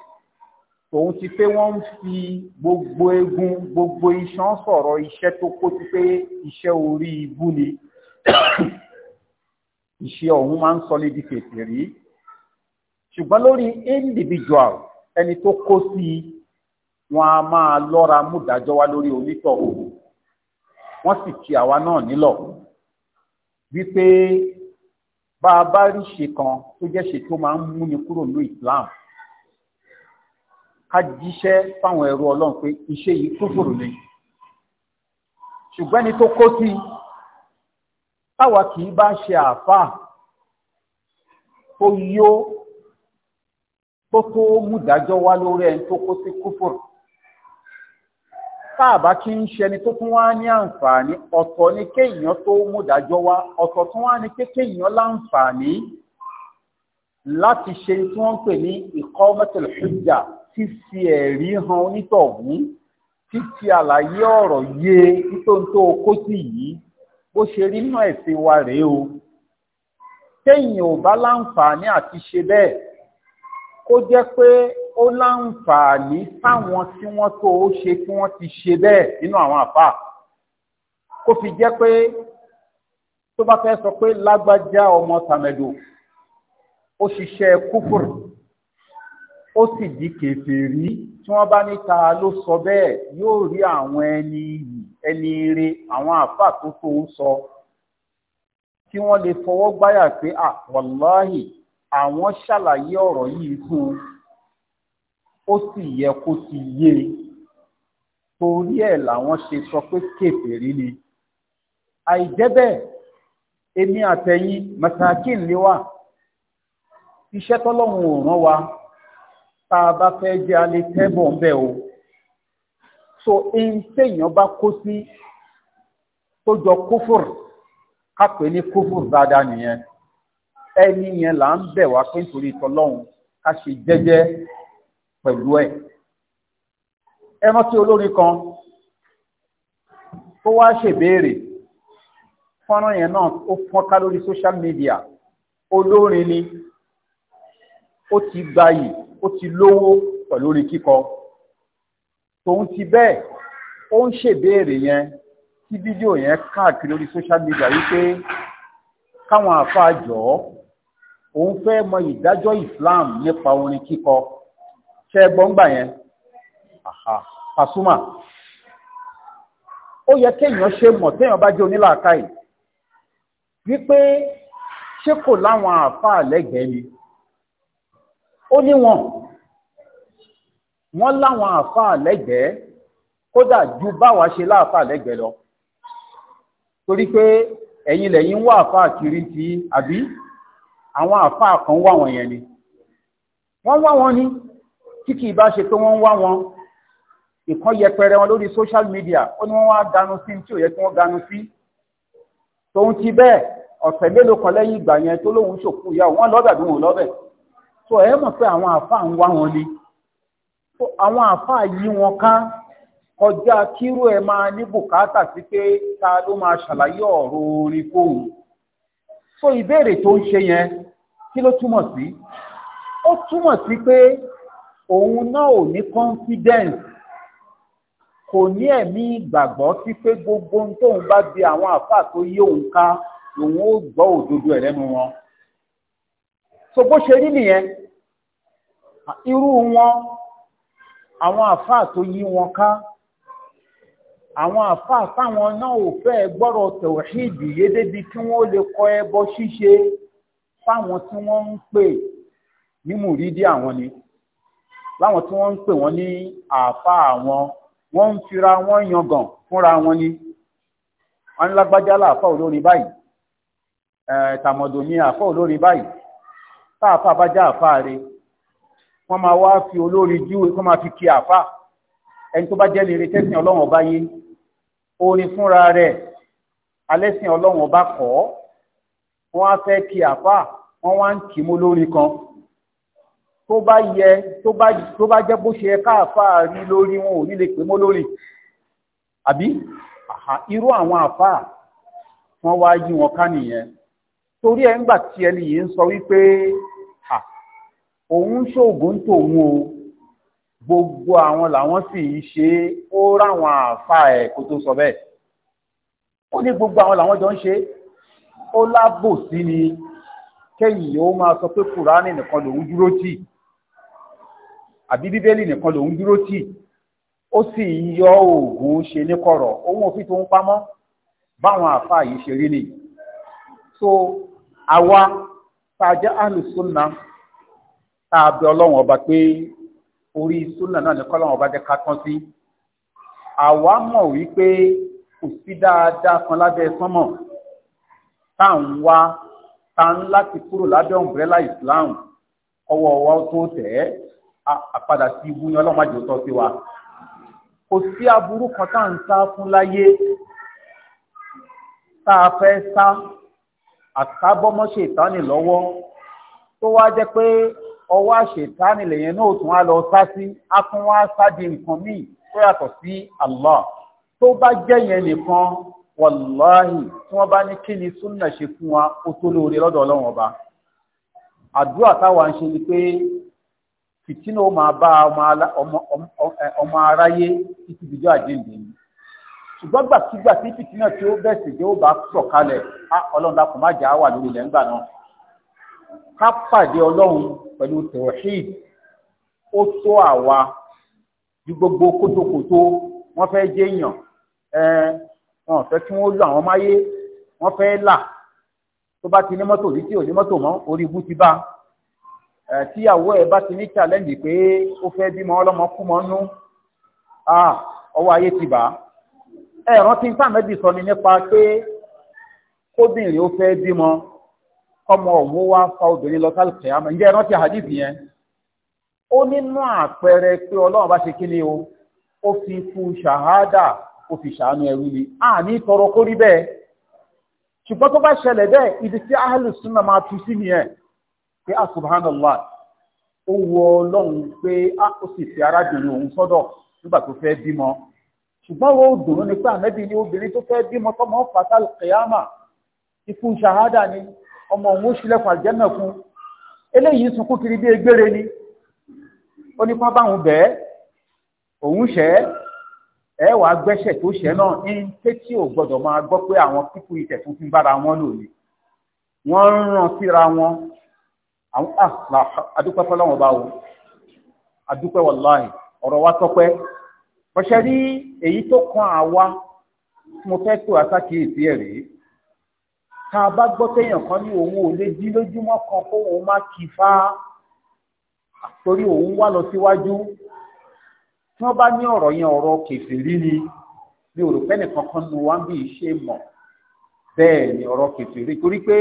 tòun ti pé wọ́n ń fi gbogbo egun gbogbo iṣan sọ̀rọ̀ iṣẹ́ tó kó ti pé iṣẹ́ orí ibú ni (coughs) iṣẹ́ ọ̀hún máa ń sọ ní di kèfèrí ṣùgbọ́n lórí individual ẹni tó kó sí wọn a máa lọ́ra mú dájọ́ wá lórí onítọ̀hún wọ́n sì kí àwa náà nílọ̀ wípé bá a bá rí ṣe kan tó jẹ́ ṣe tó máa ń múni kúrò ní Islam ká jíṣẹ́ fáwọn ẹrú Ọlọ́run pé iṣẹ́ yìí kúfùrù ni ṣùgbọ́n ẹni tó kó sí táwa kì í bá ṣe àáfàá tó yó tó tó mú ìdájọ́ wá lórí ẹni tó kó sí kúfùrù táàbá kí ń ṣẹni tó tún wá ní àǹfààní ọ̀tọ̀ ni kéèyàn tó múdájọ́ wá ọ̀tọ̀ tún wá ní pé kéèyàn láǹfààní láti ṣe tí wọ́n ń pè ní iqamatul hujja fífi ẹ̀rí han onítọ̀hún fífi àlàyé ọ̀rọ̀ yé nítòǹtò kóòtù yìí bó ṣe rí nínú ẹ̀sìn wa rèé o kéèyàn ò bá láǹfààní àti ṣe bẹ́ẹ̀ kó jẹ́ pé ó láǹfààní fáwọn tí wọ́n tó ó ṣe tí wọ́n ti ṣe bẹ́ẹ̀ nínú àwọn àfà kó fi jẹ́ pé tó bá fẹ́ sọ pé lágbájá ọmọ tàmẹ̀dò ó ṣiṣẹ́ kúfùrù ó sì di kèfèrí tí wọ́n bá níta ló sọ bẹ́ẹ̀ yóò rí àwọn ẹni ẹni ire àwọn àfà tó tó ń sọ kí wọ́n lè fọwọ́ gbáyà pé à wàláhì àwọn ṣàlàyé ọ̀rọ̀ yìí fún un ó sì yẹ kó ti yé e torí ẹ̀ làwọn ṣe sọ pé kèfèrí ni àìjẹ́ bẹ́ẹ̀ èmi àtẹ̀yìn masakin lé wa iṣẹ́ tọ́lọ́run ò rán wa tá a bá fẹ́ jẹ́ alẹ́ tẹ́bọ̀ ń bẹ̀ o so in téèyàn bá kó sí tó jọ kúfùr ká pè ní kúfùr dáadáa nìyẹn ẹni yẹn là ń bẹ̀ wá pé nítorí ìtọ́lọ́hún ká ṣe jẹ́jẹ́ pẹ̀lú ẹ̀ ẹ rántí olórin kan tó wá ṣèbéèrè fọ́nrán yẹn náà ó fọ́nká lórí social media olórin ni ó ti gbayì ó ti lówó pẹ̀lú orin kíkọ tòun ti bẹ́ẹ̀ ó ń ṣèbéèrè yẹn tí fídíò yẹn káàkiri lórí social media wípé káwọn àfa jọ̀ọ́ òun fẹ́ mọ ìdájọ́ Islam nípa orin kíkọ ṣe gbọ́ngbà yẹn Pasuma ó yẹ kéèyàn ṣe mọ̀ téèyàn bá jẹ́ onílàákàyè wípé ṣé kò láwọn àáfàá lẹ́gbẹ̀ẹ́ ni ó ní wọn wọn láwọn àáfàá lẹ́gbẹ̀ẹ́ kódà ju báwa ṣe láàfàá lẹ́gbẹ̀ẹ́ lọ torí pé ẹ̀yin lẹ́yìn wá àáfàá kiri ti àbí àwọn àfáà kan wà wọ́n yẹn ni wọ́n wá wọn ní tí kì í bá ṣe pé wọ́n wá wọn ìkan yẹpẹrẹ wọn lórí social media ó ní wọ́n wá dànù sí tí ò yẹ kí wọ́n dànù sí tóun ti bẹ́ẹ̀ ọ̀sẹ̀ mélòó kan lẹ́yìn ìgbà yẹn tó lóun ṣòkú ìyá wọn lọ́bẹ̀ bí wọn lọ́bẹ̀ so ẹ mọ̀ pé àwọn àfáà ń wá wọn ni so àwọn àfáà yí wọn ká kọjá kírú ẹ máa ní bùkátà sí pé ta ló máa ṣàlàyé ọ̀rọ̀ orin fóun so ìbéèrè tó ń ṣe yẹn kí ló túmọ̀ sí ó túmọ̀ sí pé òun náà ò ní confidence kò ní ẹ̀mí ìgbàgbọ́ sí pé gbogbo ohun tóun bá bi àwọn àfáà tó yé òun ká lòun ó gbọ́ òdodo ẹ̀ lẹ́nu wọn so bó ṣe rí nìyẹn irú wọn àwọn àfáà tó yí wọn ká àwọn àfáà táwọn náà ò fẹ́ gbọ́rọ̀ tẹ̀wọ̀hídì yé débi tí wọ́n lè kọ ẹbọ ṣíṣe fáwọn tí wọ́n ń pè ní mùrídìí àwọn ni láwọn tí wọ́n ń pè wọ́n ní àfáà àwọn wọ́n ń fira wọ́n yangàn fúnra wọn ni wọ́n ń lágbájá láàfáà olórin báyìí tàmọ̀dò ní àfáà olórin báyìí táàfáà bá já àfáà rẹ̀ wọ́n máa wá fi olórin júwe wọ́n máa fi kí àfáà ẹni tó bá jẹ́ lè retẹ́sìn ọlọ́run ọba yé orin fúnra rẹ̀ alẹ́sìn ọlọ́run ọba kọ́ wọ́n á fẹ́ kí àfà wọ́n wá ń kì í mú lórí kan tó bá yẹ tó bá jẹ́ bó ṣe yẹ káàfà rí lórí wọn ò ní lè pè mọ́ lórí àbí irú àwọn àfà wọ́n wá yí wọn ká nìyẹn torí ẹ̀ ń gbà tí ẹni yìí ń sọ wípé òun ṣoògùn tòun o gbogbo àwọn làwọn sì ń ṣe é ó ráwọn àfa ẹ̀ kó tó sọ bẹ́ẹ̀ ó ní gbogbo àwọn làwọn jọ ń ṣe é ó lábòsí ni kẹ́yìn ó máa sọ pé kùránì nìkan lòún dúró tì àbí bíbélì nìkan lòún dúró tì ó sì ń yọ oògùn ṣe ní kọ̀rọ̀ òun òfin tó ń pamọ́ báwọn àfa yìí ṣe rí nìyí so àwa tá a jẹ́ àlùsùnà tá a bẹ ọlọ́run ọba pé orí súnà náà ní kọ́lọ́wọ́n ọba jẹ́ ká tán sí àwa mọ̀ wípé kò sí dáadáa kan lábẹ́ sánmọ̀ tá à ń wá tá ń láti kúrò lábẹ́ ọ̀mbrẹ́là Islam ọwọ́ wa tó tẹ̀ ẹ́ àpadà sí ibú ni ọlọ́run àjò tọ́ sí wa kò sí aburú kan tá à ń sá fún láyé tá a fẹ́ sá àkábọ́mọ́ṣe ìtánì lọ́wọ́ tó wá jẹ́ pé ọwọ́ àṣetánì lèyẹn náà tún á lọ sá sí á tún wá sáde nǹkan míì tó yàtọ̀ sí Allah tó bá jẹ́ yẹn nìkan wàláhì tí wọ́n bá ní kí ni súnà ṣe fún wa ó tó lóore lọ́dọ̀ ọlọ́run ọba àdúrà táwa ń ṣe ni pé fìtínà ó máa bá ọmọ aráyé títí dìjọ́ àjíǹde ni ṣùgbọ́n gbàkígbà tí fìtínà tí ó bẹ̀ sì jẹ́ ó bá sọ̀kalẹ̀ ah, ọlọ́run dàpọ̀ má jà á lórí ilẹ̀ náà ká pàdé ọlọ́run pẹ̀lú tawhid ó tó àwa ju gbogbo kótókótó wọ́n fẹ́ jẹ́yàn wọn fẹ́ kí wọ́n lọ àwọn máyé wọ́n fẹ́ là tó bá ti ní mọ́tò rí tí ò ní mọ́tò mọ́ orí ibú ti bá tíyàwó ẹ̀ bá ti ní challenge pé ó fẹ́ bímọ ọlọ́mọ kú mọ́ nú ọwọ́ ayé ti bà á ẹ̀rọ tí ń fàmẹ́bì sọ ni nípa pé kóbìnrin ó fẹ́ bímọ kọ́mọ ọ̀wọ́ wá fa obìnrin lọ sálù kẹ̀yàmà ǹjẹ́ ẹ rántí hadith yẹn ó nínú àpẹẹrẹ pé ọlọ́run bá ṣe kíni o ó fi fún ṣàhádà ó fi ṣàánú ẹrú ni àní tọrọ kó rí bẹ́ẹ̀ ṣùgbọ́n tó bá ṣẹlẹ̀ bẹ́ẹ̀ ibi tí ahlu sunna máa tu sí nìyẹn pé a ah, subhanallah ó wọ ọlọ́run pé a ah, ó sì fi arábìnrin òun sọ́dọ̀ nígbà tó fẹ́ bímọ ṣùgbọ́n wo dùnú ni pé ànábì ni obìnrin tó fẹ́ bímọ tọmọ fatal ikú ṣàhádà ni ọmọ òun ṣílẹ̀kùn àjẹ́nà fún eléyìí sunkún kiri bí egbére ni ó ní pápá òun bẹ́ẹ̀ òun ṣẹ́ ẹ wà á gbẹ́ṣẹ̀ tó ṣẹ́ náà ní tẹ́tí ò gbọ́dọ̀ máa gbọ́ pé àwọn pípú ìtẹ̀ tó fi bára wọn lò ní wọ́n ń ràn síra wọn àdúpẹ́ fọlọ́wọ́n bá wọn àdúpẹ́ wàláhì ọ̀rọ̀ wa tọ́pẹ́ pọ̀ṣẹ́ rí èyí tó kan àwa mo fẹ́ tó àsákìyèsí ẹ̀ rèé tá a bá gbọ́ téèyàn kan ní òun ò lè jí lójúmọ́ kan kó òun má kì í fá torí òun wá lọ síwájú tí wọ́n bá ní ọ̀rọ̀ yẹn ọ̀rọ̀ kèfèrí ni bí òrùpẹ́ nìkan kan nu wá ń bí ṣe mọ̀ bẹ́ẹ̀ ni ọ̀rọ̀ kèfèrí torí pé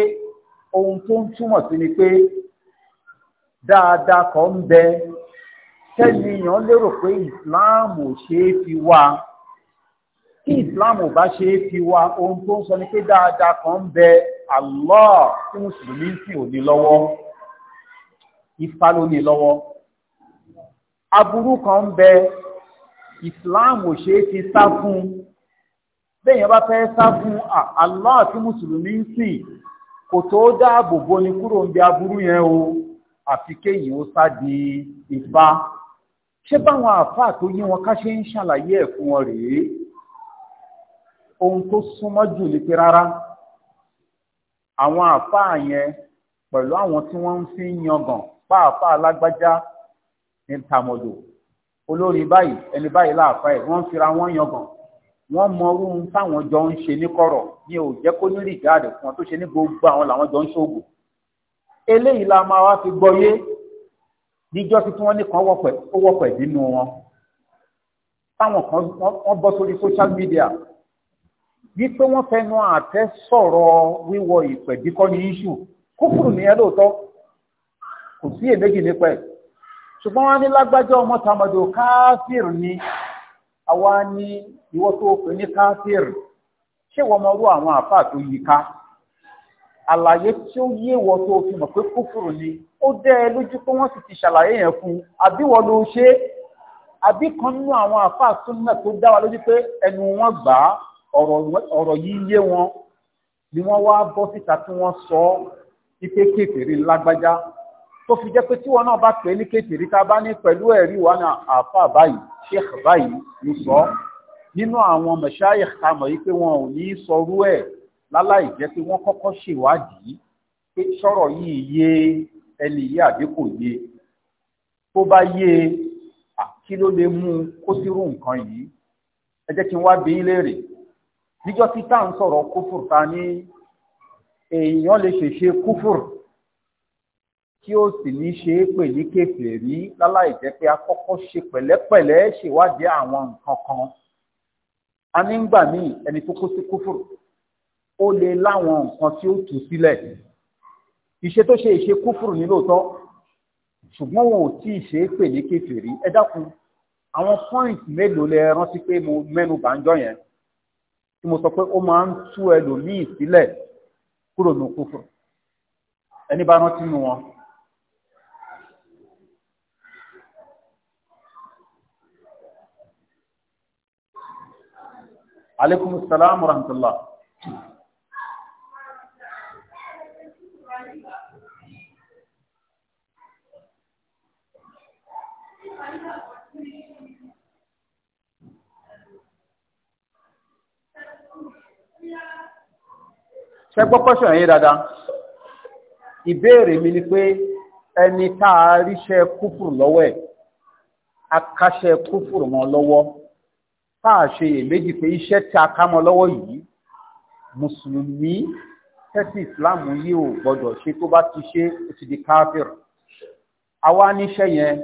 ohun tó ń túmọ̀ sí ni pé dáadáa kan ń bẹ tẹ́lẹ̀ yẹn lérò pé ìsìláàmù ò ṣeé fi wá tí ìsìláàmù bá ṣe é fi wa ohun tó ń sọ ní pé dáadáa kan ń bẹ Allah tí mùsùlùmí sì ò ní lọ́wọ́ Ifá ló ní lọ́wọ́ aburú kan ń bẹ ìsìláàmù ò ṣe é fi sá fún bẹ́ẹ̀ yẹn bá fẹ́ sá fún Allah tí mùsùlùmí sì kò tó dáàbò bo ni kúrò ń bí aburú yẹn o àfi kéyìn ó sá di Ifá ṣé báwọn àfáà tó yí wọn ká ṣe ń ṣàlàyé ẹ̀ fún wọn rèé ohun tó súnmọ́ jù lè pe rárá àwọn àfáà yẹn pẹ̀lú àwọn tí wọ́n ń fi yangàn pàápàá alágbájá ní tàmọ̀dò olórí báyìí ẹni báyìí láàfá ẹ̀ wọ́n ń fira wọ́n yangàn wọ́n mọ irú ohun táwọn jọ ń ṣe ní kọ̀rọ̀ ní ò jẹ́ kó nírì jáde fún wọn tó ṣe ní gbogbo àwọn làwọn jọ ń ṣoògùn eléyìí la máa wá fi gbọ́yé níjọ́ tí wọ́n ní kan ó wọ́pẹ̀ nínú wọn táwọn kan wọ́n bọ́ sórí social media wípé wọ́n fẹnu àtẹ́ sọ̀rọ̀ wíwọ ìpẹ̀díkọ́ ní iṣu kúkúrú nìyẹn lóòótọ́ kò sí èméjì nípa ẹ̀ ṣùgbọ́n wọ́n ní lágbájá ọmọ tàmàdò káfíìr ni àwa ní ìwọ tó pè ní káfíìr ṣé wọ́n mọ rú àwọn àfáà tó yí ká àlàyé tí ó yé wọ tó fi mọ̀ pé kúkúrú ni ó dẹ́ ẹ lójú pé wọ́n sì ti ṣàlàyé yẹn fún un àbí wọ́n ló ṣe àbí kan nínú àwọn àfáà súnmọ́ tó dá wa lójú pé ẹnu wọn gbà ọ̀rọ̀ yìí yé wọn ni wọ́n wá bọ́ síta tí wọ́n sọ ọ́ wípé kékeré lágbájá tó fi jẹ́ pé tí wọn náà bá pè é ní kékeré tá a bá ní pẹ̀lú ẹ̀rí wa ní àáfà báyìí sheikh báyìí ló sọ nínú àwọn mẹ̀ṣáyè kamọ̀ yìí pé wọn ò ní í sọrú ẹ̀ láláì jẹ́ pé wọ́n kọ́kọ́ ṣèwádìí pé sọ̀rọ̀ yìí yé ẹni yìí àbí kò yé tó bá yé e kí ló lè mú kó sírú nǹkan yìí ẹ jẹ́ kí n wá bí í léèrè níjọ́ tí tá à ń sọ̀rọ̀ kúfùr ta ní èèyàn lè ṣèṣe kúfùr kí ó sì ní ṣe é pè ní kèfèrí láláì jẹ́ pé a kọ́kọ́ ṣe pẹ̀lẹ́pẹ̀lẹ́ ṣèwádìí àwọn nǹkan kan a ní gbà míì ẹni tó kó sí kúfùr ó lè láwọn nǹkan tí ó tù sílẹ̀ ìṣe tó ṣe ìṣe kúfùrù ní lóòótọ́ ṣùgbọ́n wọn ò tí ì ṣe é pè ní kèfèrí ẹ dákun àwọn pọ́ìntì mélòó lẹ rántí pé mo mẹ́nu bà ń jọ yẹn tí mo sọ pé ó máa ń tú ẹlòmíì sílẹ̀ kúrò ní kúfù ẹni bá rántí nu wọn. aleykum rahmatulah. ṣe gbọ́ pẹ́sọ̀ yìí dáadáa ìbéèrè mi ni pé ẹni táa ríṣẹ́ kúfùrù lọ́wọ́ ẹ̀ akáṣẹ kúfùrù mọ́ lọ́wọ́ táà ṣe èméjì pé iṣẹ́ tí a ká mọ́ lọ́wọ́ yìí mùsùlùmí tẹ́sí ìsìláàmù yìí ò gbọ́dọ̀ ṣe tó bá ti ṣe ó ti di káfíìr àwa níṣẹ́ yẹn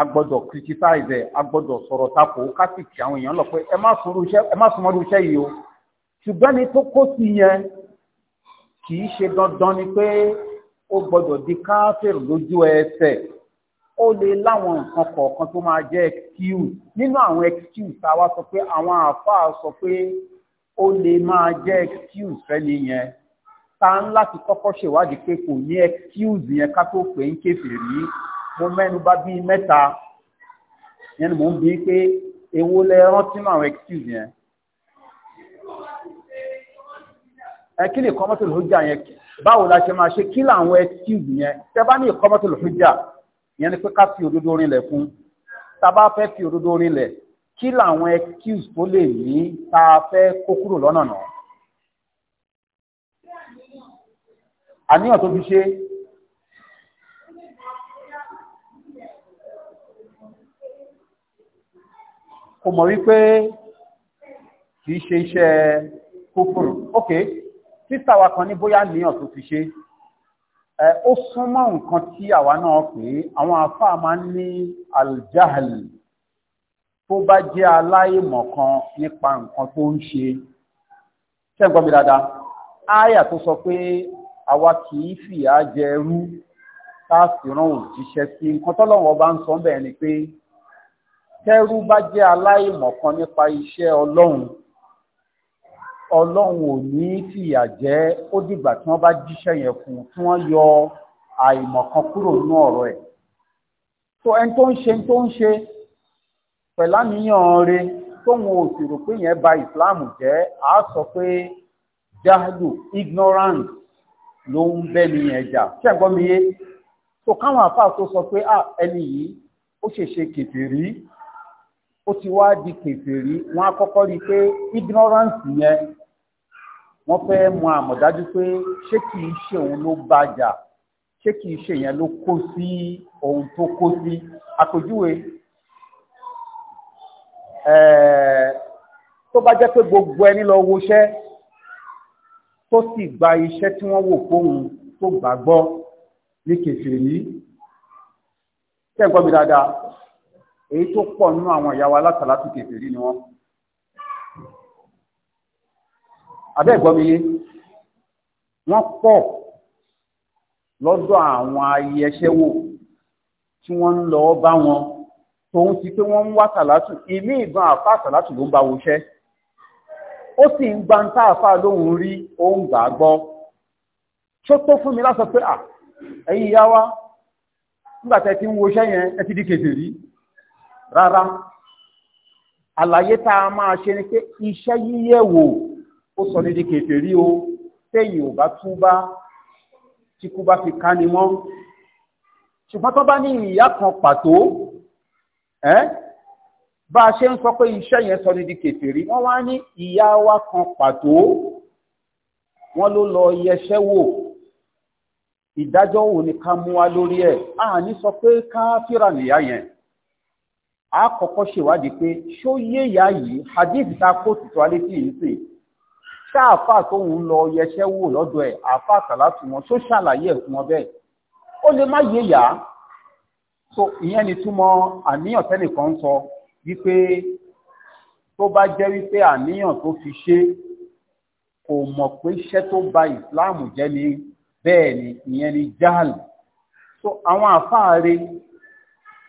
a gbọ́dọ̀ criticize ẹ̀ a gbọ́dọ̀ sọ̀rọ̀ takò kásìkì àwọn èèyàn lọ pé ẹ má súnmọ́rú iṣẹ́ yìí o ṣùgbọ́n ni tó kó sí yẹn kì í ṣe dandan ni pé ó gbọdọ̀ di káfíìrì lójú ẹsẹ̀ ó lè láwọn nǹkan kọ̀ọ̀kan tó máa jẹ́ excuse nínú àwọn excuse tá a wá sọ pé àwọn àáfàá sọ pé ó lè máa jẹ́ excuse fẹ́ni yẹn ta ń láti kọ́kọ́ ṣèwádìí pé kò ní excuse yẹn ká tó pè ń kèfèrí mo mẹ́nu bà bíi mẹ́ta yẹn ni mò ń bi pé èwo lẹ rántí nínú àwọn excuse yẹn. ẹ kí ni ìkọ́mọ́tò lòójà yẹn báwo la ṣe máa ṣe kí làwọn ẹtíìbù yẹn tẹ bá ní ìkọ́mọ́tò lòójà yẹn ni pé ká fi òdodo rinlẹ̀ fún tá a bá fẹ́ fi òdodo rinlẹ̀ kí làwọn ẹtíìbù tó lè ní tá a fẹ́ kó kúrò lọ́nà àníyàn tó fi ṣe kò mọ̀ wípé kì í ṣe iṣẹ́ kókòrò ok títà wa kan ní bóyá ní ọ̀tún ti ṣe ẹ ó súnmọ́ nǹkan tí àwa náà pé àwọn àfá máa ń ní aljahal tó bá jẹ́ aláìmọ̀kan nípa nǹkan tó ń ṣe ṣé ń gbọ́ mi dáadáa áyà tó sọ pé àwa kì í fìyà jẹ ẹrú tá a sì rán òjíṣẹ́ sí nǹkan tọ́lọ́wọ́ bá ń sọ bẹ́ẹ̀ ni pé tẹ́rú bá jẹ́ aláìmọ̀kan nípa iṣẹ́ ọlọ́run ọlọ́run ò ní fìyà jẹ́ ó dìgbà tí wọ́n bá jíṣẹ́ yẹn fún un tí wọ́n yọ àìmọ̀kan kúrò nínú ọ̀rọ̀ ẹ̀ tó ẹni tó ń ṣe tó ń ṣe pẹ̀láníyàn re tóun ò sì rò pé yẹn ba Islam jẹ́ á sọ pé jahlu ignorance ló ń bẹ́ni yẹn jà ṣẹ́gbọ́n mi yé tó káwọn àfáà tó sọ pé ẹni yìí ó ṣèṣe kèfèrí ó ti wá di kèfèrí wọn á rí i pé ignorance yẹn wọ́n fẹ́ mọ àmọ̀dájú pé ṣé kì í ṣe òun ló bàjà ṣé kì í ṣe yẹn ló kó sí ohun tó kó sí àpèjúwe tó bá jẹ́ pé gbogbo ẹni lọ woṣẹ́ tó sì gba iṣẹ́ tí wọ́n wò fóun tó gbàgbọ́ ní kèfèrí tẹ́ ń gbọ́ mi dáadáa èyí tó pọ̀ nínú àwọn ìyàwó alátàlátù kèfèrí ni wọ́n abẹ́gbọ́miyé wọ́n pọ̀ lọ́dọ̀ àwọn ayẹṣẹ́wò tí wọ́n ń lọ bá wọn tóun ti pé wọ́n ń wá tàlátù ilé ìgbọ́n àfá tàlátù ló ń bá wọṣẹ́ ó sì ń gba nta àfá lóhun rí òun gbà gbọ́ tó tó fún mi láti sọ pé ẹ̀yin ìyá wa ti ń wọṣẹ́ yẹn ẹ ti di kèfèrí rárá àlàyé tá a máa ṣe ni pé iṣẹ́ yíyẹ̀wò ó sọ ní di kèfèrí o téèyàn ò bá túbá tí kú bá fi ká ni mọ́ ṣùgbọ́n tó bá ní ìyá kan pàtó ẹ́ bá a ṣe ń sọ pé iṣẹ́ yẹn sọ ní di kèfèrí wọ́n wá ní ìyá wa kan pàtó wọ́n ló lọ yẹṣẹ́ wò ìdájọ́ wo ni ká mú wa lórí ẹ̀ àní sọ pé káfíra nìyá yẹn a kọ́kọ́ ṣèwádìí pé ṣó yé ìyá yìí hadith ta kó tutù alẹ́ tí yìí sè ṣá àáfàá tó ń lọ yẹṣẹ́ wò lọ́dọ̀ ẹ̀ àáfàá sàlátù wọn ṣó ṣàlàyé ẹ̀ fún ọ ó lè má yé ìyá so ìyẹn ni túmọ̀ àníyàn tẹ́nìkan sọ wípé tó bá jẹ́ wípé àníyàn tó fi ṣe kò mọ̀ pé iṣẹ́ tó ba ìsìláàmù jẹ́ ni bẹ́ẹ̀ ni ìyẹn ni jáàlì so àwọn àfáàrí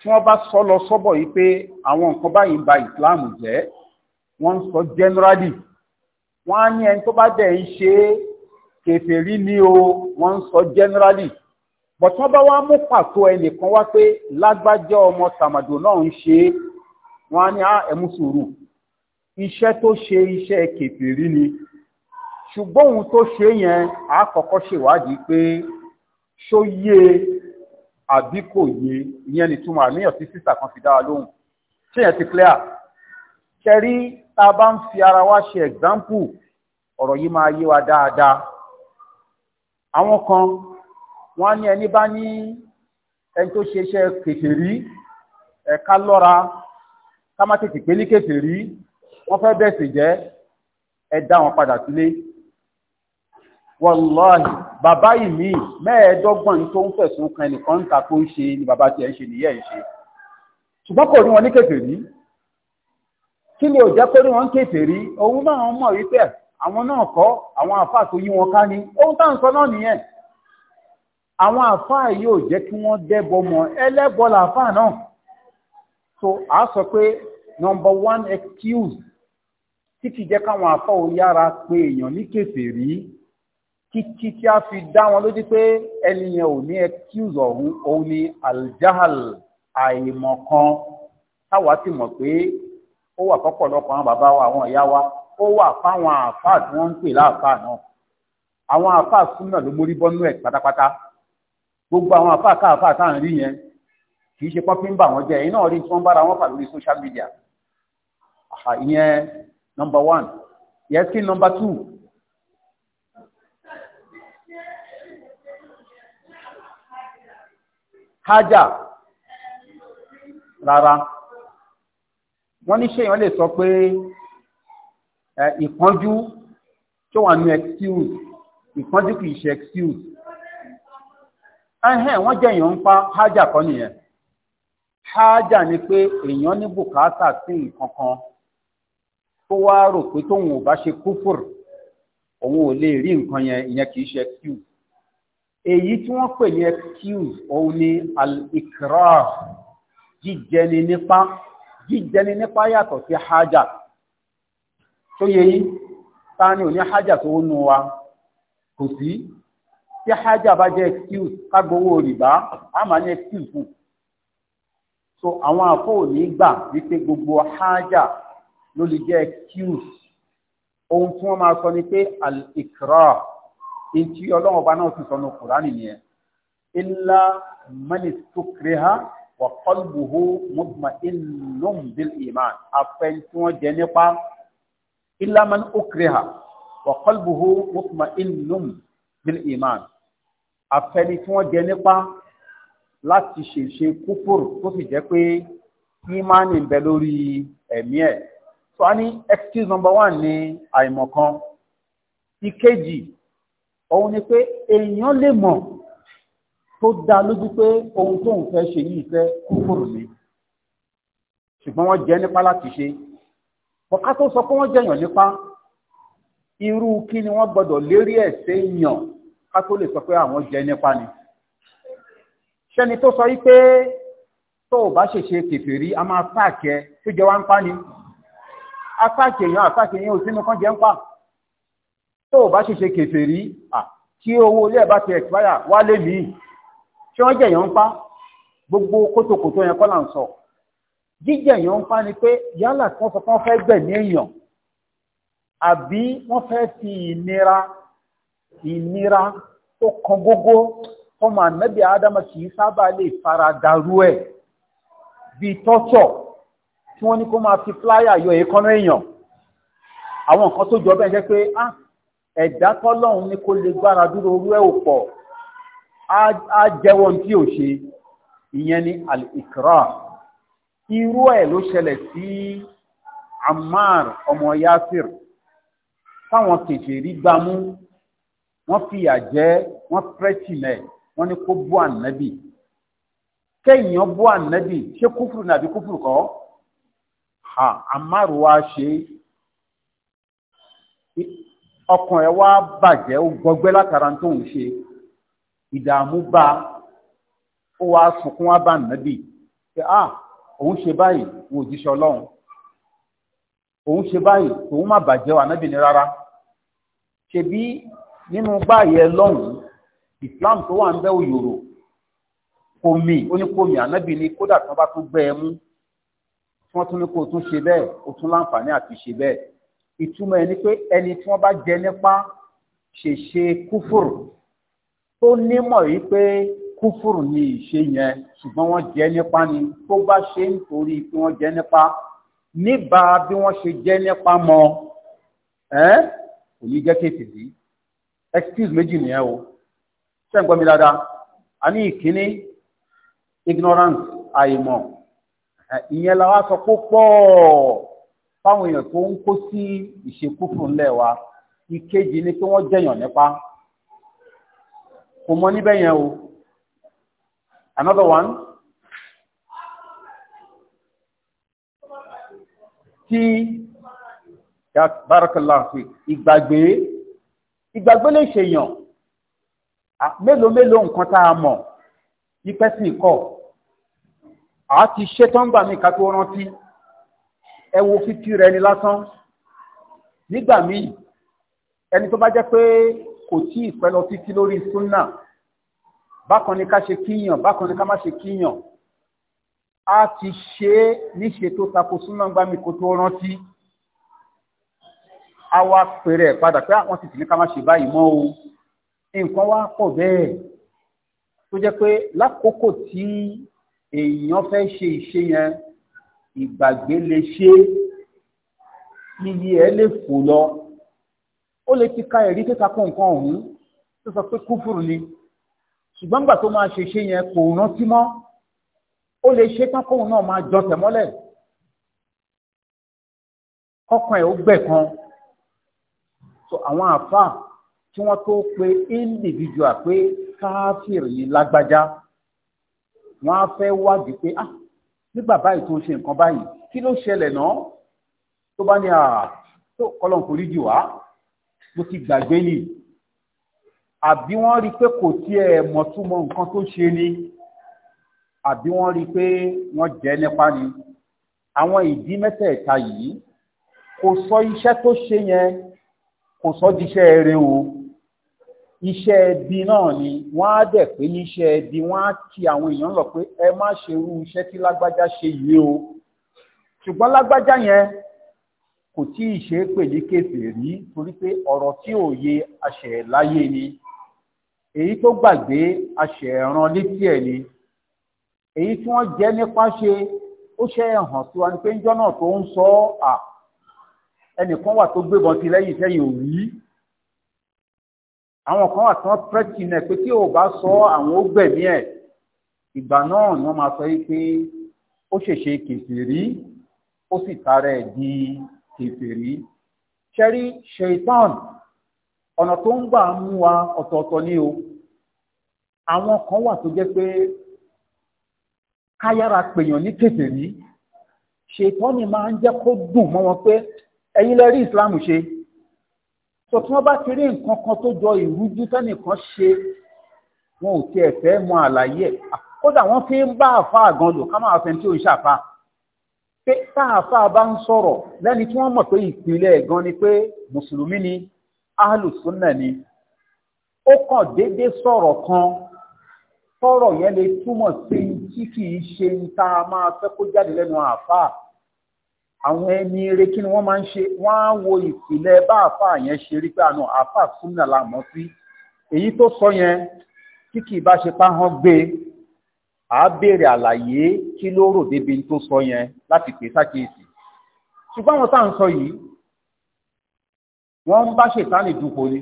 tí wọ́n bá sọ lọ sọ́bọ̀ yìí pé àwọn nǹkan báyìí ń ba islam jẹ́ wọ́n ń sọ generally wọ́n á ní ẹni tó bá dẹ̀ ń ṣe kèfèrí ni o wọ́n ń sọ generally but wọ́n bá wá mú pàtó ẹnìkan wá pé lágbájá ọmọ tàmàdò náà ń ṣe wọ́n á ní ah, ẹ̀mú sùúrù iṣẹ́ tó ṣe iṣẹ́ kèfèrí ni ṣùgbọ́n ohun tó ṣe yẹn àkọ́kọ́ ṣèwádìí pé ṣó yé e àbí kò yé ìyẹn ni túmọ̀ àníyàn tí sísà kan fi dá wa lóhùn ṣé yẹn ti clear kẹrí tá a bá ń fi ara wa ṣe example ọ̀rọ̀ yìí máa yé wa dáadáa àwọn kan wọ́n á ní ẹni bá ní ẹni tó ṣe iṣẹ́ kèfèrí ẹ̀ka lọ́ra ká má tètè pé ní kèfèrí wọ́n fẹ́ bẹ̀sìn jẹ́ ẹ dá wọn padà sílé wàláhì bàbá ìmí mẹ́ẹ̀ẹ́dọ́gbọ̀n tó ń fẹ̀sùn kan ẹnìkan ta tó ń ṣe ni bàbá tiẹ̀ ń ṣe nìyẹn ń ṣe ṣùgbọ́n kò ní wọn ní kèfèrí kí ni ò jẹ́ pé ní wọn ń kèfèrí òun náà mọ̀ wípé àwọn náà kọ́ àwọn àfáà tó yí wọn ká ní ohun tá à ń sọ náà nìyẹn àwọn àfáà yóò jẹ́ kí wọ́n dẹ́bọ mọ́ ẹlẹ́bọ làfáà náà so a sọ pé number one excuse tí kì í jẹ́ káwọn àfáà ò yára pé èèyàn ní kèfèrí títí tí a fi dá wọn lójú pé ẹni yẹn ò ní excuse ọ̀hún òun ni aljahal àìmọ̀kan táwa ti mọ̀ pé ó wà fọ́pọ̀lọpọ̀ àwọn bàbá wa àwọn ìyá wa ó wà fáwọn àáfàá tí wọ́n ń pè láàfáà náà àwọn àáfàá súnmọ̀ ló mórí bọ́nú ẹ̀ pátápátá gbogbo àwọn àáfàá káàfáà tá à ń rí yẹn kì í ṣe pọ́fí ń bà jẹ́ iná rí tí wọ́n bára wọn fà lórí social media ìyẹn number one yẹ́sí number two hájà rárá wọn ní ṣé èèyàn lè sọ pé ìpọ́njú tó wà ní excuse ìpọ́njú kìí ṣe excuse ẹ̀hẹ́n wọ́n jẹ́ èèyàn ń pa hájà kọ́ nìyẹn hájà ni pé èyàn ní bùkátà sí nǹkan tó wá rò pé tóun ò bá ṣe kúfùr òun ò lè rí nǹkan yẹn ìyẹn kìí ṣe excuse èyí tí wọ́n pè ní excuse òun ni al-ikrar jíjẹni nípa jíjẹni nípa yàtọ̀ sí hajj tó yẹ yí ta ni ò ní hajj tó nù wa kò sí tí hajj bá jẹ́ excuse kágbówó rìbá a máa ní excuse fún so àwọn àpò òní gbà wípé gbogbo hajj ló lè jẹ́ excuse ohun tí wọ́n máa sọ ni pé al-ikrar ntí ọlọ́run ọba náà ti sọ ní kùránì nìyẹn ilá mẹ́ni tó kiri ha wà kọ́lùbùhù mọ́tìmá ìnùm bíl ìmán afẹ́ tí wọ́n jẹ nípa ilá mẹ́ni ó kiri ha wà kọ́lùbùhù mọ́tìmá ìnùm bíl ìmán afẹ́ ni tí nípa láti ṣèṣe kúfùrù tó fi jẹ́ pé ìmánì bẹ lórí ẹ̀mí ẹ̀. so a ní excuse number one ní àìmọ̀kan ìkejì òun ni pé èèyàn lè mọ̀ tó dá lójú pé ohun tóun fẹ́ ṣe yìí fẹ́ kúfùrù ni ṣùgbọ́n wọ́n jẹ́ nípa láti ṣe bọ̀ká tó sọ pé wọ́n jẹ̀yàn nípa irú kí ni wọ́n gbọ́dọ̀ lérí ẹ̀ séèyàn ká tó lè sọ pé àwọn jẹ nípa ni ṣẹ́ni tó sọ yí pé tó o bá ṣèṣe kèfèrí a máa sáàkẹ́ tó jẹ wá ń pa ni a sáàkẹ́ èèyàn a ò sínú kan jẹ́ ń pa tó bá ṣiṣẹ́ kèfèrí kí owó ilé ẹ̀bá ti expire wá lè mí ṣé wọ́n jẹ̀yàn ń pa gbogbo kótókòtó yẹn kọ́ là ń sọ jíjẹ̀yàn ń pa ni pé yálà tí wọ́n sọ pé wọ́n fẹ́ gbẹ̀mí èèyàn àbí wọ́n fẹ́ fi ìnira ìnira tó kan gógó ọmọ ànábì ádámà kì í sábà lè fara darú ẹ̀ bíi tọ́tọ̀ tí wọ́n ní kó máa fi fúláyà yọ èékánná èèyàn àwọn nǹkan tó jọ bẹ́ẹ̀ jẹ́ pé ah ẹ̀dá tọ́lọ́run ní kó lè gbára dúró orú ẹ̀ ò á jẹ́wọ́ tí ò ṣe ìyẹn ni al-ikra irú ẹ̀ ló ṣẹlẹ̀ sí Ammar ọmọ Yasir táwọn kèfèrí gbámú wọ́n fìyà jẹ wọ́n pẹ́tìlẹ̀ wọ́n ní kó bú ànábì kéèyàn bú ànábì ṣé kúfùrù nàbí kúfùrù kọ́ ha Ammar wá ṣe ọkàn ẹ̀ wá bàjẹ́ ó gbọgbẹ́ látara tó ń ṣe ìdààmú bá ó wá sunkún wá bá nàbì pé à òun ṣe báyìí wò jíṣẹ́ ọlọ́run òun ṣe báyìí òun má bàjẹ́ wà nàbì ní rárá ṣebí nínú báyìí ẹ lọ́hùn Islam tó wà ń bẹ́ òyòrò komi ó ní komi ànábì ni kódà tí wọ́n bá tún gbẹ́ ẹ mú tí wọ́n tún ní kó o tún ṣe bẹ́ẹ̀ o tún láǹfààní àti ṣe bẹ́ẹ̀ ìtumọ̀ ẹni pé ẹni tí wọ́n bá jẹ nípa ṣèṣe kúfùrù tó nímọ̀ yìí pé kúfùrù ni ìṣe yẹn ṣùgbọ́n wọ́n jẹ nípa ni tó bá ṣe ń torí pé wọ́n jẹ nípa níbà bí wọ́n ṣe jẹ nípa mọ́ ẹ́ kò ní jẹ́ kéfìrí excuse méjì nìyẹn o ṣé ń gbọ́ mi dáadáa a ní ìkíní ignorance àìmọ̀ ìyẹn la wá sọ pé pọ̀ fáwọn èèyàn tó ń kó sí ìṣekúfù ńlẹ̀ wa ìkejì ni pé wọ́n jẹ̀yàn nípa kò mọ níbẹ̀ yẹn o another one tí barakallahu fi ìgbàgbé ìgbàgbé lè ṣèyàn mélòó mélòó nǹkan tá a mọ̀ yípẹ́ sí ìkọ̀ àá ti ṣetán gbà mí ká rántí ẹ wo fífi rẹ ni lásán nígbà míì ẹni tó bá jẹ́ pé kò tí ì pẹ́ lọ títí lórí súnà bákan ni ká ṣe kíyàn bákan ni ká má ṣe kíyàn a ti ṣe é níṣe tó tako súnà gbá mi kó tó rántí a wá pèrè padà pé àwọn ah, sì ti ní ká má ṣe báyìí mọ́ o nǹkan wá pọ̀ bẹ́ẹ̀ tó jẹ́ pé lákòókò tí èèyàn fẹ́ ṣe ìṣe yẹn ìgbàgbé lè ṣe iyì ẹ lè fò lọ ó lè ti ka ẹ̀rí kíka kó nǹkan ọ̀hún tó sọ pé kúfùrù ni ṣùgbọ́n nígbà tó máa ṣe ṣe yẹn kò rántí mọ́ ó lè ṣe tán náà máa jọ tẹ̀mọ́lẹ̀ kọ́kàn ẹ̀ ó gbẹ̀ kan so àwọn àfáà tí wọ́n tó pe individual pé káfíìrì yìí lágbájá wọ́n á fẹ́ wádìí pé ah nígbà báyìí tó ṣe nǹkan báyìí kí ló ṣẹlẹ̀ náà tó bá ní àà tó kọ́lọ̀ kò rí jù wá mo ti gbàgbé ni àbí wọ́n rí pé kò tiẹ̀ mọ̀túmọ̀ nǹkan tó ṣe ni àbí wọ́n rí pé wọ́n jẹ́ nípa ni àwọn ìdí mẹ́tẹ̀ẹ̀ta yìí kò sọ iṣẹ́ tó ṣe yẹn kò sọ díṣẹ́ rẹ o iṣẹ́ ẹbí náà ni wọ́n á dẹ̀ pé níṣẹ́ ẹbí wọ́n á kí àwọn èèyàn lọ pé ẹ má ṣe irú iṣẹ́ tí lágbájá ṣe yìí o ṣùgbọ́n lágbájá yẹn kò tí ì ṣe é pè ní kèfèrí torí pé ọ̀rọ̀ tí ò yé aṣẹ̀ láyé ni èyí tó gbàgbé aṣẹ̀ ẹ̀ràn létí ẹ̀ ni èyí tí wọ́n jẹ́ nípa ṣe ó ṣe é hàn sí wa ni pé ń jọ́nà tó ń sọ ẹnìkan wà tó gbébọn ti lẹ́yìn sẹ́yìn òrí àwọn kan wà tí wọ́n pẹ́ẹ́tì náà pé tí ò bá sọ àwọn ó gbẹ̀mí ẹ̀ ìgbà náà ni wọ́n máa sọ yìí pé ó ṣèṣe kèfèrí ó sì tara ẹ̀ di kèfèrí ṣẹ́rí ṣèitán ọ̀nà tó ń gbà mú wa ọ̀tọ̀ọ̀tọ̀ ni o àwọn kan wà tó jẹ́ pé káyára pèèyàn ní kèfèrí ṣèitán ni máa ń jẹ́ kó dùn mọ́ wọn pé ẹ̀yin lẹ rí ṣe sọ tí wọ́n bá ti rí nǹkan kan tó jọ ìrújú tẹ́nìkan ṣe wọn ò tiẹ̀ fẹ́ mọ àlàyé ẹ̀ kódà wọ́n fi ń bá àfáà gan lò ká máa fẹ́ni tí ó ń ṣàfà pé tá àfáà bá ń sọ̀rọ̀ lẹ́ni tí wọ́n mọ̀ pé ìpìlẹ̀ gan ni pé mùsùlùmí ni ahlùsúnnà ni ó kàn déédéé sọ̀rọ̀ kan sọ̀rọ̀ yẹn lè túmọ̀ sí tí kì í ṣe ń ta máa fẹ́ kó jáde lẹ́nu àfáà àwọn ẹni eré kí ni wọ́n máa ń ṣe wọ́n á wo ìpìlẹ̀ bá àfà yẹn ṣe rí pé àná àfà súnmọ́ la mọ̀ sí èyí tó sọ yẹn tí kì í bá ṣe páhán gbé a béèrè àlàyé kí ló rò débi tó sọ yẹn láti pè sákèésì ṣùgbọ́n àwọn tá à ń sọ yìí wọ́n ń bá ṣètánì dupò ni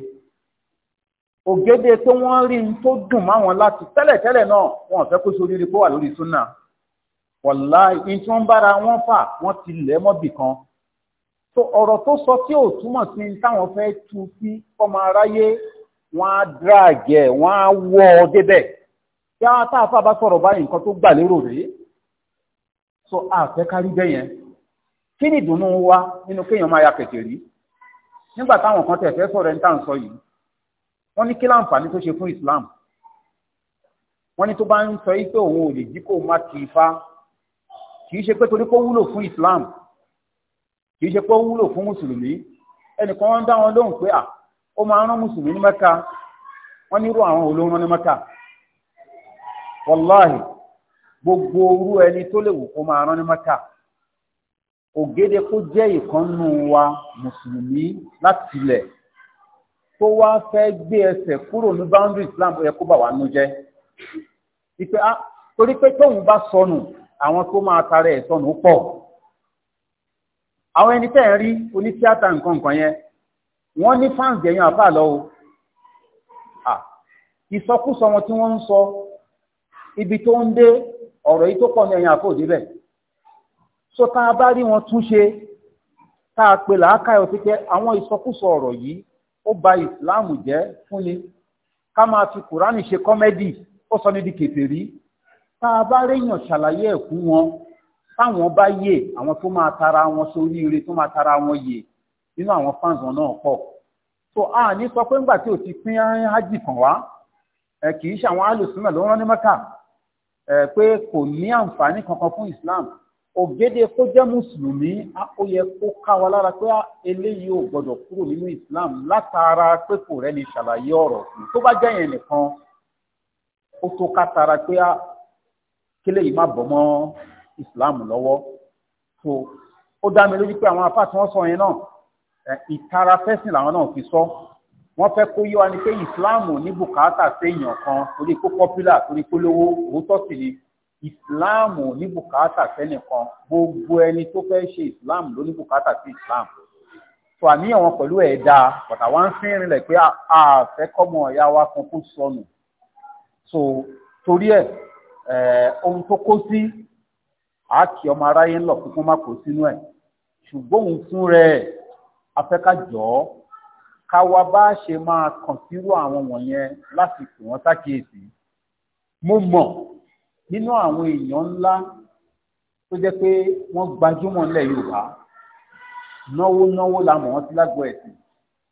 ògèdè tó wọ́n rí tó dùn máwọn láti tẹ́lẹ̀tẹ́lẹ̀ náà wọn ò fẹ́ kó sórí rí kó wà lórí súnà wọ̀lá ìpín tí wọ́n bára wọn fà wọ́n ti lẹ̀ mọ́bì kan tó ọ̀rọ̀ tó sọ tí ò túmọ̀ sí táwọn fẹ́ tu sí fọ́mọ aráyé wọ́n á dráàgẹ̀ wọ́n á wọ́ ọ débẹ̀ kí àwọn táàfà bá sọ̀rọ̀ báyìí nǹkan tó gbà lérò rèé sọ àfẹ́ kárí bẹ́ẹ̀ yẹn kí ni ìdùnnú wa nínú kéèyàn máa ya kẹ̀kẹ́ rí nígbà táwọn kan tẹ̀fẹ́ sọ̀rọ̀ ẹni tá à ń sọ yìí wọ́n ní kí láǹfààní tó ṣe fún Islam wọ́n ní tó bá ń sọ yìí pé òun ò lè jí kó má kí ifá kì í ṣe pé torí kó wúlò fún Islam kì í ṣe pé ó wúlò fún mùsùlùmí ẹnìkan wọn dá wọn lóhùn pé à ó máa ń rán mùsùlùmí ní Mẹ́kà wọn nírú àwọn olóńrán ní Mẹ́kà wàláhì gbogbo orú ẹni tó lè wù kó máa rán ní Mẹ́kà ògèdè kó jẹ́ ìkànnù wa mùsùlùmí láti ilẹ̀ tó wá fẹ́ gbé ẹsẹ̀ kúrò ní boundary Islam ó yẹ kó bà wá nú jẹ́ wípé ah torí pé tóun bá sọnù àwọn tó máa tara ẹ̀ sọnù pọ̀ àwọn ẹni tẹ́ ń rí onítíátà nǹkan nǹkan yẹn wọ́n ní fáǹsì ẹ̀yàn àfà lọ o ìsọkúsọ wọn tí wọ́n ń sọ ibi tó ń dé ọ̀rọ̀ yìí tó pọ̀ ní ẹ̀yàn àfà òdì bẹ̀ so tá a bá rí wọn túnṣe tá a pè làákàyọ̀ sí pé àwọn ìsọkúsọ ọ̀rọ̀ yìí ó ba ìsìláàmù jẹ́ fúnni ká máa fi kùránì ṣe kọ́mẹ́dì ó sọ ní di kèfèrí tá a bá réyàn ṣàlàyé ẹ̀kú wọn táwọn bá yè àwọn tó máa tara wọn sórí ire tó máa tara wọn yè nínú àwọn fans wọn náà pọ̀ so a ní sọ pé ńgbà tí o ti pín hajj kàn wá ẹ kì í ṣe àwọn alùsùnà ló rán ní mẹ́kà ẹ pé kò ní àǹfààní kankan fún Islam ògèdè kó jẹ́ mùsùlùmí ó yẹ kó ká wa lára pé eléyìí ò gbọdọ̀ kúrò nínú Islam látara pé kò rẹ́ni ṣàlàyé ọ̀rọ̀ tó bá jẹ́ yẹn nìkan ó tó ká tara pé kí lèyìí má bọ́ mọ́ islam lọ́wọ́ so ó dá mi lójú pé àwọn afá tí wọ́n sọ yẹn náà ìtara fẹ́sìn làwọn náà fi sọ wọ́n fẹ́ kó yé ni pé islam ní bùkátà séèyàn kan torí kó popular torí kó lówó òótọ́ sì ni islam ní bùkátà sẹ́nìkan gbogbo ẹni tó fẹ́ ṣe islam ló ní bùkátà sí islam tó àníyàn wọn pẹ̀lú ẹ̀ dáa bàtà wá ń fín rinlẹ̀ pé a fẹ́ wa kan kó sọnù so torí ẹ̀ ohun tó kó sí àákì ọmọ aráyé ńlọ kó má kó sínú ẹ̀ ṣùgbọ́n òun fún rẹ̀ afẹ́kájọ́ ká wá bá a ṣe máa kàn sírú àwọn wọ̀nyẹn láti pè wọ́n sákìyèsí mo mọ̀ nínú àwọn èèyàn ńlá tó jẹ́ pé wọ́n gbajúmọ̀ nílẹ̀ Yorùbá náwó náwó la mọ̀ wọ́n sí lágbo ẹ̀sìn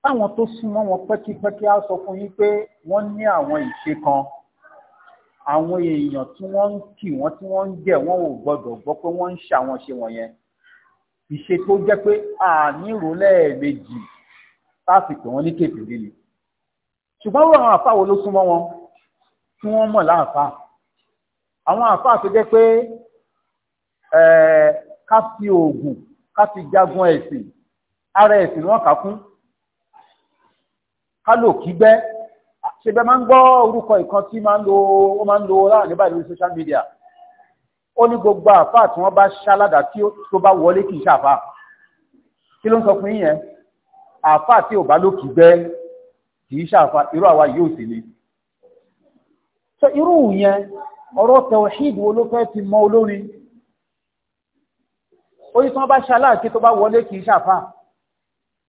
táwọn tó súnmọ́ wọn pẹ́kípẹ́kí á sọ fún yín pé wọ́n ní àwọn ìṣe kan àwọn èèyàn tí wọ́n ń kì wọ́n tí wọ́n ń jẹ wọ́n ò gbọ́dọ̀ gbọ́ pé wọ́n ń ṣe àwọn ṣe wọ̀nyẹn ìṣe tó jẹ́ pé àní ìrò lẹ́ẹ̀mejì láti pè wọ́n ní kébìrì ni ṣùgbọ́n wọ́n àwọn àfáà wo ló súnmọ́ wọn tí wọ́n mọ̀ láàfáà àwọn àfáà tó jẹ́ pé ká fi oògùn ká fi jagun ẹ̀sìn ara ẹ̀sìn wọn kà kún ká lò kígbẹ́ ṣe bẹ́ẹ̀ máa ń gbọ́ orúkọ ìkan tí ó máa ń lo láwọn nígbà lórí social media ó ní gbogbo àfáà tí wọ́n bá ṣáládà tí ó bá wọlé kì í ṣàfà kí ló ń sọ fún yín àfáà tí ò bá lókì gbẹ́ kì í irú àwa yóò sì ni so irú yẹn ọ̀rọ̀ tawhid wo ló fẹ́ ti mọ olórin orí tí wọ́n bá ṣaláàkí tó bá wọlé kì í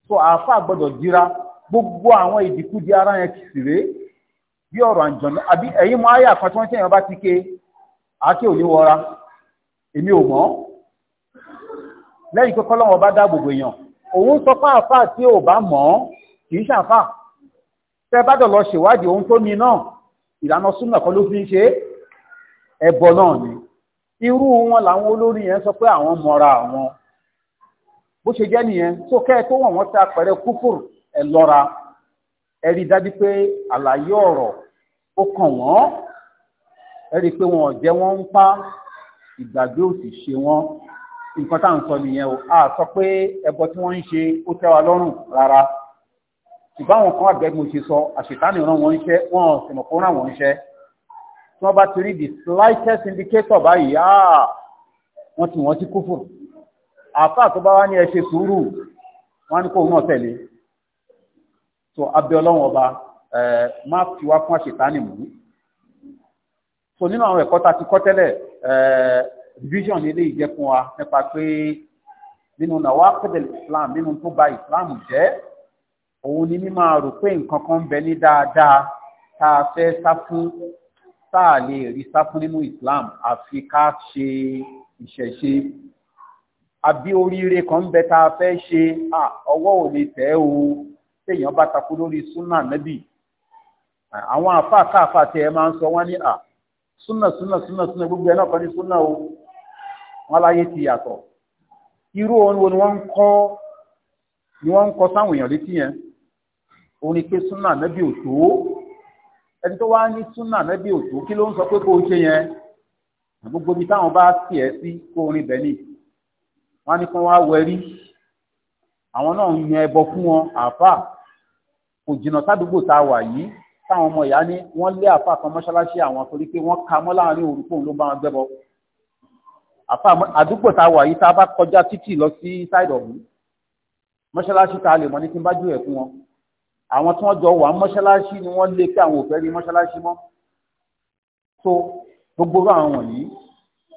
so àfáà gbọ́dọ̀ jíra gbogbo àwọn ìdìkúdi ara yẹn kìsìrè bí ọ̀rọ̀ àjọ̀nà àbí ẹ̀yìn mọ́ ayé àkọ́ tí wọ́n tẹ́yàn bá ti ké àáké ò ní wọra èmi ò mọ̀ lẹ́yìn pé kọ́lọ́wọ́ bá dá gbogbo èèyàn òun sọ pé àfà tí ò bá mọ̀ kì í ṣàfà tẹ́ bá dọ̀ lọ ṣèwádìí ohun tó ní náà ìlànà súnà kan ló fi ń ṣe ẹbọ náà ni irú wọn làwọn olórí yẹn sọ pé àwọn mọra àwọn bó ṣe jẹ́ nìyẹn tó kẹ́ tó wọ̀n wọ́n ta pẹ̀rẹ́ kúfùr ẹ̀ lọ́ra ẹ rí dájú pé àlàyé ọ̀rọ̀ ó kàn wọ́n ẹ rí i pé wọn ò jẹ́ wọ́n ń pa ìgbàgbé òsì ṣe wọ́n nǹkan tá à ń sọ nìyẹn o a sọ pé ẹbọ tí wọ́n ń ṣe ó tẹ́ wa lọ́rùn rárá ṣùgbọ́n àwọn kan àgbẹ̀ mo ṣe sọ àṣetánì ràn wọ́n iṣẹ́ wọn ò sì mọ̀ kó ràn wọ́n iṣẹ́ tí wọ́n bá ti rí the slightest indicator báyìí ah wọ́n ti wọ́n ti kú fún àáfàá tó bá wá ní ẹ ṣe sùúrù wọ́n á ní kó náà tẹ̀lé so abẹ́ ọlọ́run ọba má fi wá fún àṣetánì mú so nínú àwọn ẹ̀kọ́ tá a ti kọ́ tẹ́lẹ̀ vision ilé ìjẹ́ fún wa nípa pé nínú nàwa pẹ̀lẹ̀ Islam nínú tó ba Islam jẹ́ òun ni mímọ̀ rò pé nǹkan kan ń bẹ ní dáadáa tá a fẹ́ sá fún tá a lè rí sá fún nínú Islam àfi ká ṣe ìṣẹ̀ṣe àbí oríire kan ń bẹ tá a fẹ́ ṣe ọwọ́ ò lè tẹ̀ o téèyàn bá takú lórí súnà nẹ́bì àwọn àfa káàfa tí ẹ máa ń sọ wọ́n ní à súnà súnà súnà súnà gbogbo ẹ̀ náà kọ́ ní súnà o wọ́n láyé ti yàtọ̀ irú òun ni wọ́n ń kọ́ ni wọ́n ń kọ́ sáwọn èèyàn létí yẹn òun ni pé súnà nẹ́bí òtó ẹni tó wá ní súnà nẹ́bí òtó kí ló ń sọ pé kó o ṣe yẹn gbogbo ibi táwọn bá tì ẹ́ sí kó orin bẹ́ẹ̀ ni wọ́n á ní kí wọ́n á wẹrí àwọn náà ń yan ẹbọ fún wọn àáfà kò jìnnà sádùúgbò tá a wà yìí táwọn ọmọ ìyá ní wọ́n lé àfà kan mọ́ṣáláṣí àwọn torí pé wọ́n ka mọ́ láàrin òru ló bá wọn gbẹ́bọ. àdúgbò tá a wà yìí tá a bá kọjá títì lọ sí side ọ̀hún mọ́ṣáláṣí tá lè mọ ní kí n bá jù ẹ̀ fún wọn. àwọn tí wọ́n jọ wà mọ́ṣáláṣí ni wọ́n lé pé àwọn ò fẹ́ rí mọ́ṣáláṣí mọ́. so gbogbo àwọn wọ̀nyí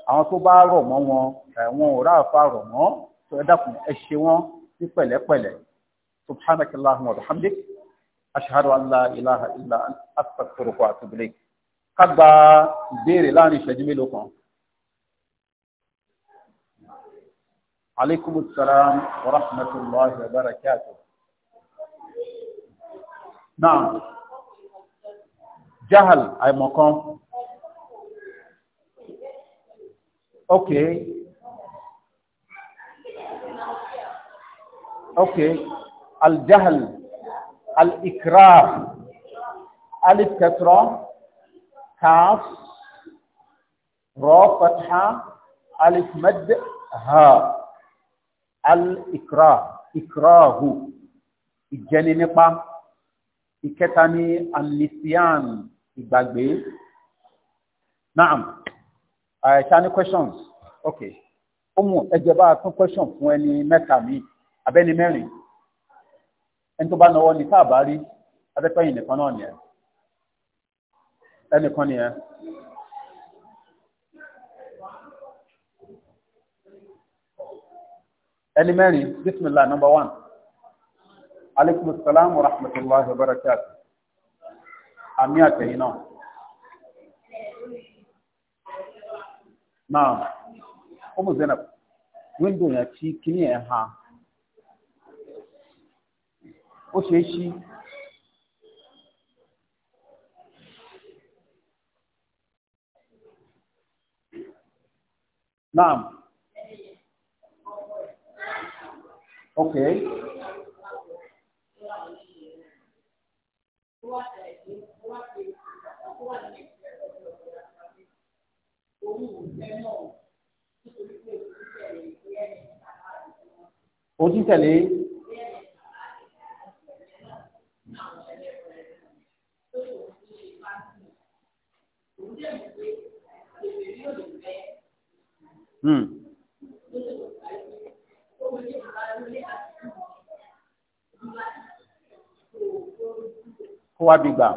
àwọn tó bá rọ̀ mọ́ wọn ẹ̀wọ̀n ò ráàfà rọ̀ mọ́ ẹ dákun ẹ ṣe wọn ní pẹ̀lẹ́pẹ̀lẹ́ subhanakallahumma wa bihamdik أشهد أن لا إله إلا أنت أستغفرك وأتوب إليك قد دير لا نشجم لكم عليكم السلام ورحمة الله وبركاته نعم جهل أي مقام أوكي أوكي الجهل الإكرار، ألف كسرة كاف را فتحة ألف مد ها الإكراه إكراه ìjẹni nípa ìkẹta ní alisian ìgbàgbé naam ṣá ní questions okay ó mú ẹjẹ bá a tún question fún ẹni mẹ́ta mi ẹni tó bá náwó ní káàbá rí adẹ́pẹ́yìn nìkan náà nìyẹn ẹnìkan nìyẹn. ẹni mẹ́rin bismillah number one aleykum salaam wa rahmatulahi wa barakatuh àmì àtẹ̀yìn náà. náà ó zenab wíńdò yẹn kí kíní ẹ̀ hàn ó ṣeé ṣí. Naam. Okay. Òtítẹ̀lé Hmm. kó wá bí gbà.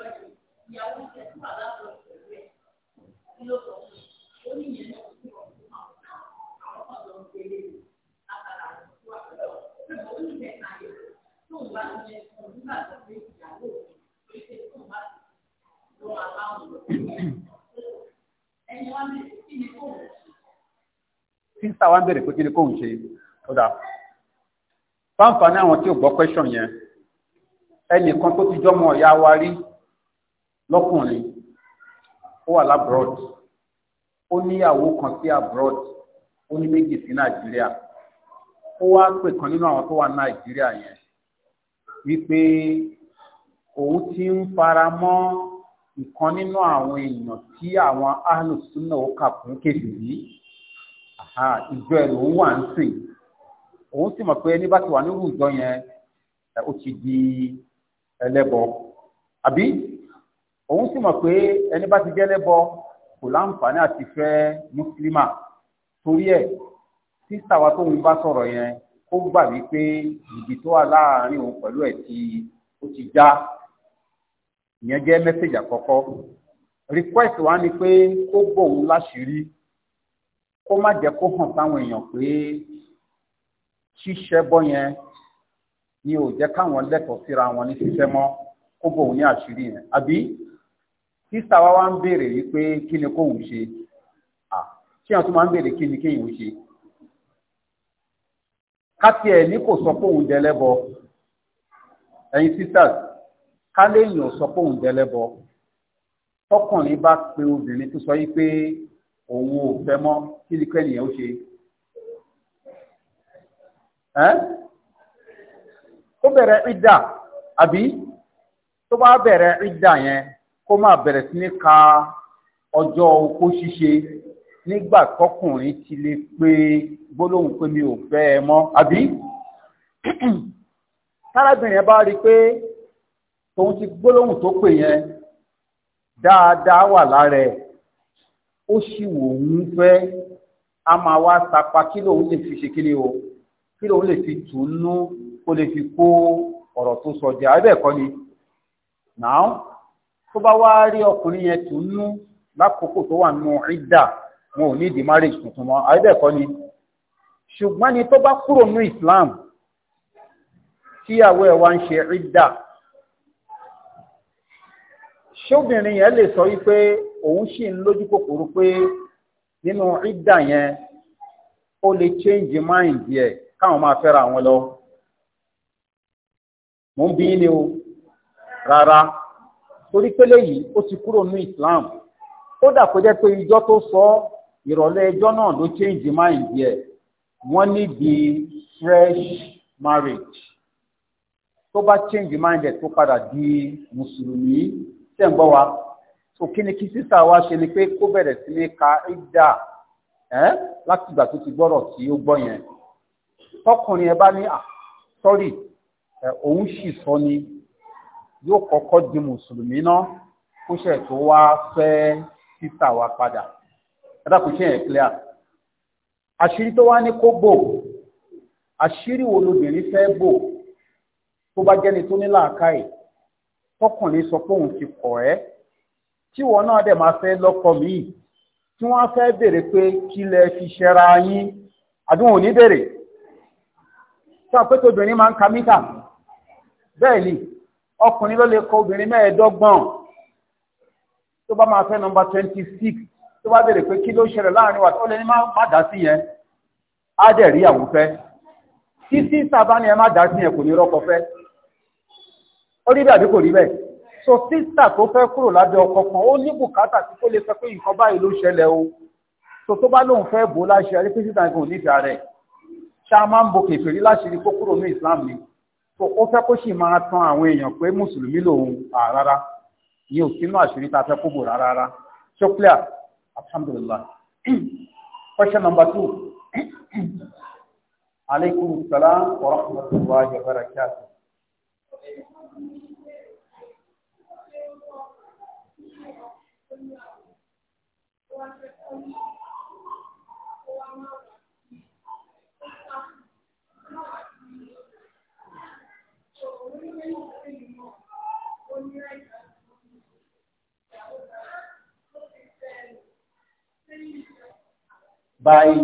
Thank you ìyàwó ìṣẹ́ tí bàbá sọ pẹ̀lú ẹ̀ kí ló sọ fún un ó ní ìyẹn náà sí ọ̀rọ̀ fún àwọn àwọn kan lọ ń gbélé sísá wa ń bẹ̀rẹ̀ pé kí ni kò ṣe ó dáa fáǹfààní àwọn tí ò gbọ́ question yẹn ẹnìkan tó ti jọ́mọ ọ̀yá wa rí lọ́kùnrin ó wà lábroad ó níyàwó kan sí abroad ó ní méjì sí nàìjíríà ó wá pè kan nínú àwọn tó wà nàìjíríà yẹn wípé òun ti ń fara mọ́ ìkan nínú àwọn èèyàn tí àwọn ahlùsúnà ó kà fún kébìrì ìjọ ẹ̀ lòun wà ń sìn òun sì mọ̀ pé ní bá ti wà nírú ìjọ yẹn ó ti di ẹlẹ́bọ àbí òun sì mọ̀ pé ẹni bá ti jẹ́lẹ́bọ kò láǹfààní àti fẹ́ mùsùlùmá torí ẹ̀ sísà wa tóun bá sọ̀rọ̀ yẹn kó gbà wípé ìdí tó wà láàárín òun pẹ̀lú ẹ̀ tí ó ti já ìyẹn jẹ́ mẹ́sẹ̀jì àkọ́kọ́ request wa ni pé kó bòun láṣìírí kó má jẹ́ kó hàn sáwọn èèyàn pé ṣíṣẹbọ yẹn ni ò jẹ́ káwọn lẹ́tọ̀ọ́ síra wọn ní ṣíṣẹ́ mọ́ kó bòun ní àṣírí yẹn àbí Sista wa wá ń béèrè wípé kí ni kò wù ṣe kí àwọn tó máa ń béèrè kí ni kí ìwù ṣe káti ẹ̀ ní kò sọ pé òun dẹlẹ́bọ ẹ̀yin sisters ká léèyàn sọ pé òun dẹlẹ́bọ tọkùnrin bá pe obìnrin tó sọ yìí pé òun ò fẹ́ mọ́ kí ni kẹ́nìyàn ó ṣe ẹ́ tó bẹ̀rẹ̀ ìdà àbí tó bá bẹ̀rẹ̀ ìdà yẹn kó máa bẹ̀rẹ̀ sí ní ka ọjọ́ okó ṣíṣe nígbà tọkùnrin ti lè pé gbólóhùn pé mi ò fẹ́ ẹ mọ́ àbí (clears throat) tárábìnrin yẹn bá rí i pé tòun ti gbólóhùn tó pè yẹn dáadáa wà lára ó sì wò ń fẹ́ a máa wá sapa kí lòun lè fi ṣe kíni o kí lòun lè fi tùnú kó lè fi kó ọ̀rọ̀ tó sọ jẹ́ àbẹ́ẹ̀kọ́ ni now tó bá wá rí ọkùnrin yẹn tó nú lákòókò tó wà nù ìdá wọn ò ní di marriage tuntun mọ́ àìbẹ̀kọ́ ni ṣùgbọ́n ni tó bá kúrò nú Islam tíyàwó ẹ̀ wá ń ṣe ìdá ṣóbìnrin yẹn lè sọ wípé òun sì ń lójú kòkòrò pé nínú ìdá yẹn ó lè change mind yẹ káwọn máa fẹ́ra wọn lọ mo ń bí ní o rárá. torí pé léyìí ó ti kúrò ní Islam kódà kó jẹ́ pé ìjọ tó sọ ìrọ̀lẹ́ ẹjọ́ náà ló change mind yẹ wọ́n ní the fresh marriage tó bá change mind ẹ̀ tó padà di mùsùlùmí tẹ̀ ń gbọ́ wa so kí ni kí sísá wa ṣe ni pé kó bẹ̀rẹ̀ sí ní ka ìdá ẹ́ láti ìgbà tó ti gbọ́rọ̀ tí ó gbọ́ yẹn tọkùnrin ẹ bá ní à ah, sọ́rí òun sì sọ ni yóò kọ́kọ́ di mùsùlùmí náà kó ṣe tó wá fẹ́ títà wa padà ẹ̀dàkùn ṣe yẹn clear àṣírí tó wá ní kó bò àṣírí wo lobìnrin fẹ́ bò tó bá jẹ́ni tó ní làákàyè tọkùnrin sọ pé òun ti kọ̀ ẹ́ tí wọn náà dẹ̀ máa fẹ́ lọ́kọ míì tí wọ́n fẹ́ béèrè pé kí lẹ fi ṣẹra yín àdúgbò ní béèrè sọ pé tóbìnrin máa ń ka mítà bẹ́ẹ̀ ni ọkùnrin ló lè kọ obìnrin mẹ́ẹ̀ẹ́dọ́gbọ̀n tó bá máa fẹ́ nọmba twenty six tó bá bèrè pé kí ló ṣẹlẹ̀ láàrin wa tó lè ní má dá sí yẹn á dẹ̀ rí àwùfẹ́ títí sábà ni ẹ má dá sí yẹn kò ní rọ́kọ fẹ́ ó rí dàbí kò rí bẹ́ẹ̀ so sísà tó fẹ́ kúrò lábẹ́ ọkọ kan ó ní bùkátà tí kò lè sọ pé nǹkan báyìí ló ṣẹlẹ̀ o so tó bá lóun fẹ́ bò láṣẹ rí pé sísà nǹkan ò nífẹ̀ẹ́ rẹ̀ ṣá máa ń bo kèfèrí láṣìírí kó kúrò ní ìsìlámù ni O ó fẹ́ kó sì máa tan àwọn èèyàn pé mùsùlùmí lòun àrárá ìyẹn ò sínú àṣírí a fẹ́ kó bò rárá so clear alhamdulillah (clears throat) question number two (clears throat) wa rahmatulahi wa Thank you. by Thank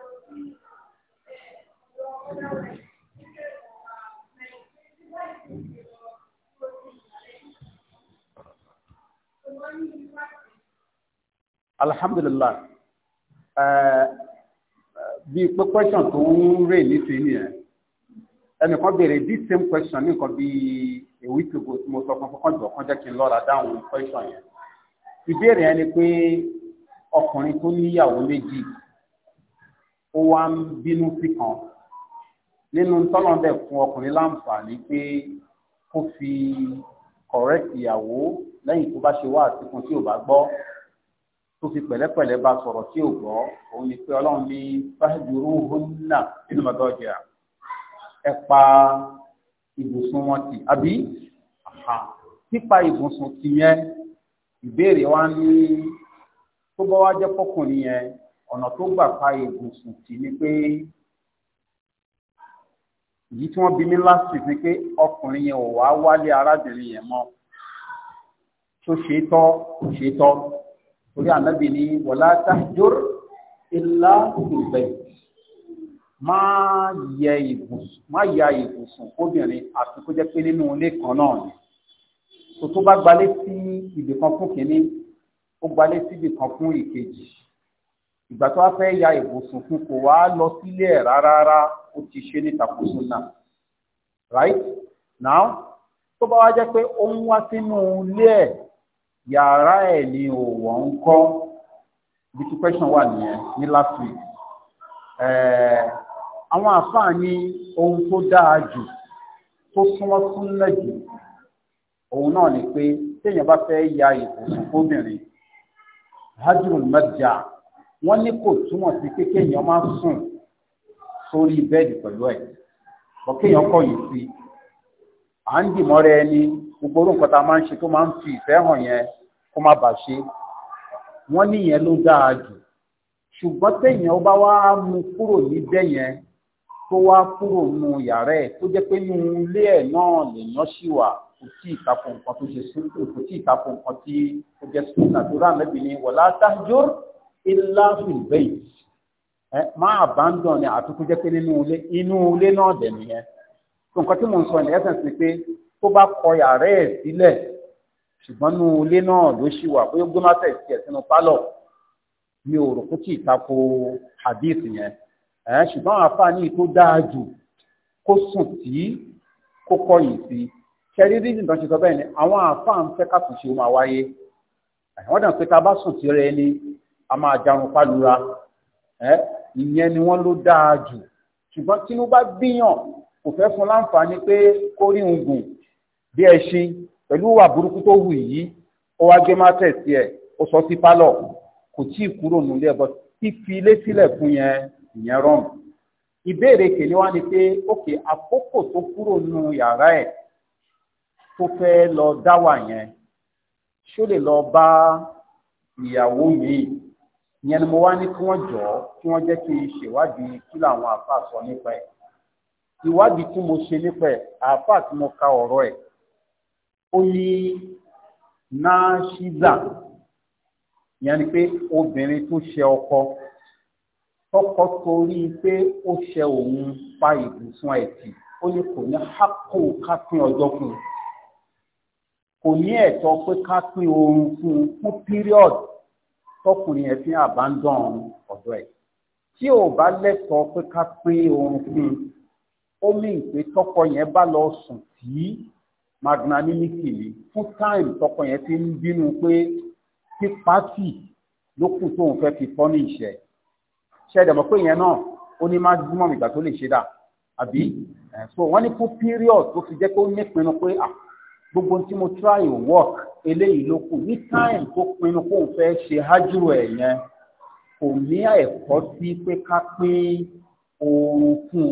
you alhamdulillah bí pé question tó ń rè nítorí nìyẹn ẹnìkan béèrè this same question ní nǹkan bí a week ago tí mo sọ fún fún jọ kan jẹ́ kí n lọ́ra dáhùn question yẹn ìbéèrè yẹn ni pé ọkùnrin tó níyàwó méjì ó wá ń bínú sí kan nínú tọ́lọ́n dẹ̀ fún ọkùnrin láǹfààní pé kó fi correct ìyàwó lẹ́yìn tó bá ṣe wá àtìkùn tí ò bá gbọ́ tó fi pẹ̀lẹ́pẹ̀lẹ́ bá sọ̀rọ̀ tí ò gbọ́ òun ni pé ọlọ́run ní fájúrú hónà nínú ọ̀dọ́ ọjà ẹ pa ibùsùn wọn tì àbí pípa ibùsùn tì yẹn ìbéèrè wa ní tó bá wá jẹ́ fọkùnrin yẹn ọ̀nà tó gbà pa ibùsùn tì ni pé èyí tí wọ́n bi mí last week ni pé ọkùnrin yẹn ò wá wálé arábìnrin yẹn mọ́ tó ṣe tọ́ kò ṣe tọ́ torí ànábì ní wọlá tájọr ilá ìgbẹ má yẹ ìbùsùn má ya ìbùsùn kóbìnrin àti kó jẹ́ pé nínú ilé kan náà ni tó tó bá gbalé sí ibì kan fún kínní ó gbalé sí ibì kan fún ìkejì ìgbà tó wá fẹ́ ya ìbùsùn fún kò wá lọ sílé ẹ̀ rárá rárá ó ti ṣe ní ìtàkùsù náà right now tó bá wá jẹ́ pé ó ń wá sínú ilé ẹ̀ yàrá ẹ̀ ni òwò ń kọ́ bí tí question wà nìyẹn ní last week eh, àwọn àfáà ní ohun tó dáa jù tó súnmọ́ súnmọ́ jù òun náà ni pé téèyàn bá fẹ́ ya ìbùsùn fóbìnrin hajjul madja wọ́n ní kò túmọ̀ sí pé kéèyàn máa sùn sórí bẹ́ẹ̀dì pẹ̀lú ẹ̀ ọ̀kéèyàn kọ̀ yìí sí à ń dìmọ́ rẹ ẹni gbogbo orú nǹkan tá a máa ń ṣe tó máa ń fi ìfẹ́ hàn yẹn kó má bàa ṣe wọ́n níyẹn ló dáa jù ṣùgbọ́n téèyàn ó bá wá mú kúrò níbẹ̀ yẹn tó wá kúrò nù yàrá ẹ̀ tó jẹ́ pé nù ilé ẹ̀ náà lèèyàn ṣì wà kò tí ì tako nǹkan tó ṣe súnú kò tí ì tako nǹkan tí ó jẹ́ súnú àdúrà mẹ́bìnrin wọ̀lá tájọ́ ìlà fìlbẹ́yìí máa abandon ni àti jẹ́ pé nínú ilé inú ilé náà dẹ̀ nìyẹn tó nǹkan tí mò ń sọ ní ẹ̀sẹ̀ sí pé tó bá kọ yàrá ẹ̀ sílẹ̀ ṣùgbọ́n ilé náà ló ṣì wà bóyá gbé máa tẹ̀sí ẹ̀ sínú pálọ̀ mi ò rò tako hadith yẹn tó dáa jù kó sùn kó kọ yìí sí ni àwọn ta bá sùn a ìyẹn ni wọ́n ló dáa jù ṣùgbọ́n tí ló bá gbìyàn kò fẹ́ fún láǹfààní pé kó rí òun gùn bí ẹṣin pẹ̀lú wà burúkú tó wù yìí ó wá gbé mátẹ̀ sí ẹ̀ ó sọ sí pálọ̀ kò tí ì kúrò nílé ẹ̀bọ fífi ilé sílẹ̀ fún yẹn ìyẹn rọrùn ìbéèrè kèlé wá ni pé ókè àkókò tó kúrò nínú yàrá ẹ̀ tó fẹ́ lọ dáwà yẹn ṣó lè lọ bá ìyàwó míì ìyẹn ni mo wá ní kí wọ́n jọ ọ́ kí wọ́n jẹ́ kí n ṣèwádìí kí làwọn àáfàá sọ nípa ẹ̀ ìwádìí tí mo ṣe nípa ẹ̀ àáfàá tí mo ka ọ̀rọ̀ ẹ̀ ó ní náṣíza ìyẹn ni pé obìnrin tó ṣe ọkọ tọkọ torí pé ó ṣe òun pa ìbùsùn ẹ̀ tì ó ní kò ní hákò ká pín ọjọ́ fún un kò ní ẹ̀tọ́ pé ká pín oorun fún un fún píríọ̀dù tọkùnrin yẹn fi hàn abandon ọ̀dọ́ ẹ̀ tí ò bá lẹ́tọ̀ọ́ pé ká pín oorun fún un ó mì pé tọkọ yẹn bá lọ sùn tí magnanimity ni fún time tọkọ yẹn ti ń bínú pé pípàtì ló kù tóun fẹ́ fi fọ́ ní ìṣẹ́ ṣẹ́dẹ̀ pé yẹn náà ó ní maximum ìgbà tó lè ṣe dà àbí so wọ́n ní fún period tó fi jẹ́ pé ó nípinnu pé ah, gbogbo tí mo try work eléyìí ló kù ní táìmù tó pinnu kó o fẹ́ ṣe hájúrò ẹ̀ yẹn kò ní ẹ̀kọ́ sí pé ká pín oorun fún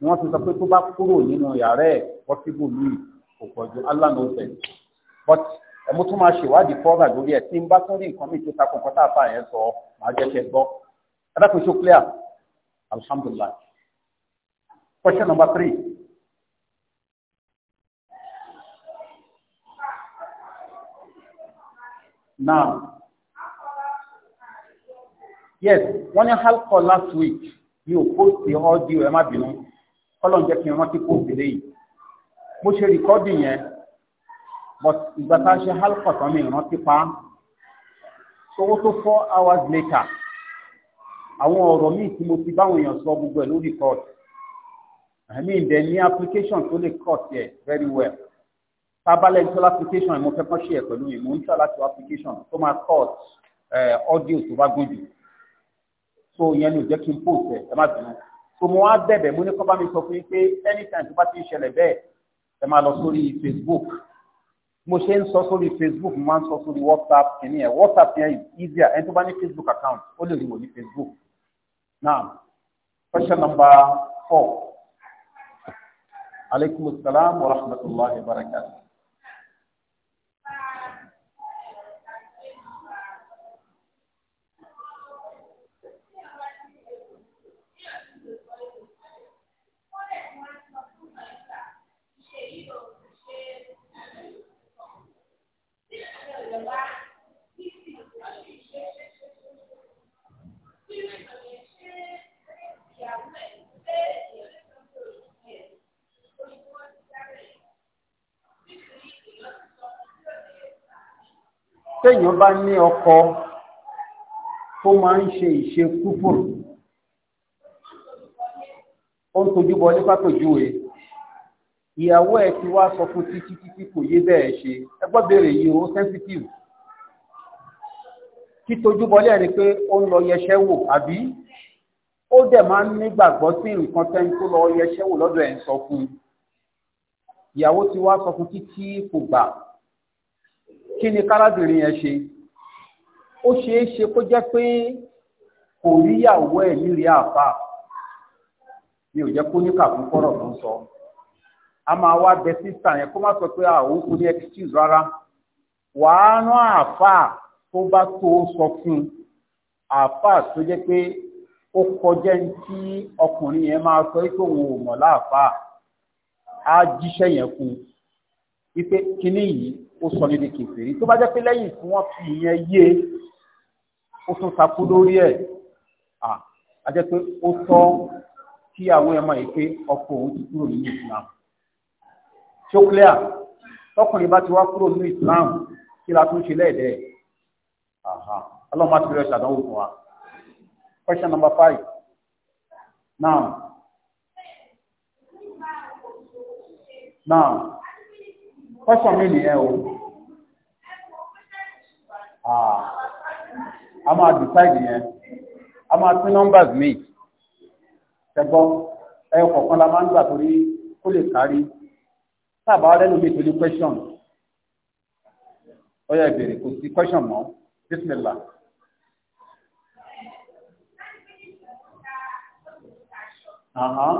un wọ́n ti sọ pé tó bá kúrò nínú yàrá ẹ̀ pọ́sibú mi kò pọ̀ ju alánàbẹ̀ but ẹ̀mú tún máa ṣèwádìí fọ́ọ̀rà lórí ẹ̀ tí n bá tún rí nǹkan mi tó ta kọ̀ọ̀kan tá a fà yẹn sọ màá jẹ́ kẹ́ gbọ́ adákùnrin ṣó clear alhamdulilah question number three. Now, yes, wọ́n ní halkọ last week mi ò post the audio ẹ má bínú kọ́lọ̀ jẹ́ kí n rántí post eléyìí. Mo ṣe rìkọ́dì yẹn but ìgbà tá a ṣe halkọ tán mi rántí pa á. Owó tó four hours later, àwọn ọ̀rọ̀ míì tí mo fi báwọn èèyàn sọ gbogbo ẹ̀ lórí court. I mean, they ní application tó lè court yẹ very well tábàlẹ̀ ń application mo fẹ́ kọ́ ṣe ẹ̀ pẹ̀lú yìí mo ń tọ́ láti application tó máa cut eh, audio tó bá gùn jù so ìyẹn ni ò jẹ́ kí n post ẹ̀ ẹ má bínú so mo wá bẹ̀bẹ̀ mo ní kọ́ bá mi sọ fún yín pé anytime tó bá ti ń ṣẹlẹ̀ bẹ́ẹ̀ ẹ máa lọ sórí Facebook mo ṣe ń sọ sórí Facebook mo máa ń sọ sórí WhatsApp kìíní ẹ̀ WhatsApp yẹn easier ẹni tó bá ní Facebook account ó lè rí wò ní Facebook now question number four aleykum salaam wa rahmatulahi wa barakatuh. téèyàn bá ní ọkọ tó máa ń ṣe ìṣe kúfùrù ó ń tojú bọ nípa tòjú rẹ̀ ìyàwó ẹ̀ ti wá sọ fún títí títí kò yé bẹ́ẹ̀ ṣe ẹgbọ́n béèrè yìí ó sensitive kí tojú bọlé ẹni pé ó ń lọ yẹṣẹ́ wò àbí ó dẹ̀ máa ń nígbàgbọ́ sí nǹkan tẹ́ni tó lọ yẹṣẹ́ wò lọ́dọ̀ ẹ̀ ń sọ fún un ìyàwó ti wá sọ fún títí kò gbà kí ni kárábìnrin yẹn ṣe ó ṣeé ṣe kó jẹ́ pé kò ríyàwó ẹ̀ nírí àfà mi ò jẹ́ kó ní kàkún kọ́rọ̀ tó ń sọ a máa wá bẹ sísà yẹn kó má sọ pé àwọn kò ní excuse rárá wàá rán àfà tó bá tó sọ fún àfà tó jẹ́ pé ó kọjá ní tí ọkùnrin yẹn máa sọ pé òun ò mọ̀ láàfà á jíṣẹ́ yẹn fún un wípé kíní yìí ó sọ ní di kèfèrí tó bá jẹ́ pé lẹ́yìn tí wọ́n fi ìyẹn yé ó tún takú lórí ẹ̀ a jẹ́ pé ó tọ́ kí àwọn ẹ̀ máa yìí pé ọkọ̀ òun ti kúrò nínú Islam tó clear tọkùnrin bá ti wá kúrò nínú Islam kí la tún ṣe lẹ́ẹ̀dẹ́ ọlọ́run á ti rẹ̀ ṣàdánwò fún wa question number five now now kọ́sọ̀ mi nìyẹn o ah, a máa decide yẹn a máa pín numbers mi ṣẹgbọ́ ẹyọ kọ̀ọ̀kan la máa ń gbà torí kó lè kárí sábà lẹ́nu mi torí question ó yẹ ìbéèrè kò sí question mọ́ bismillah. Uh-huh.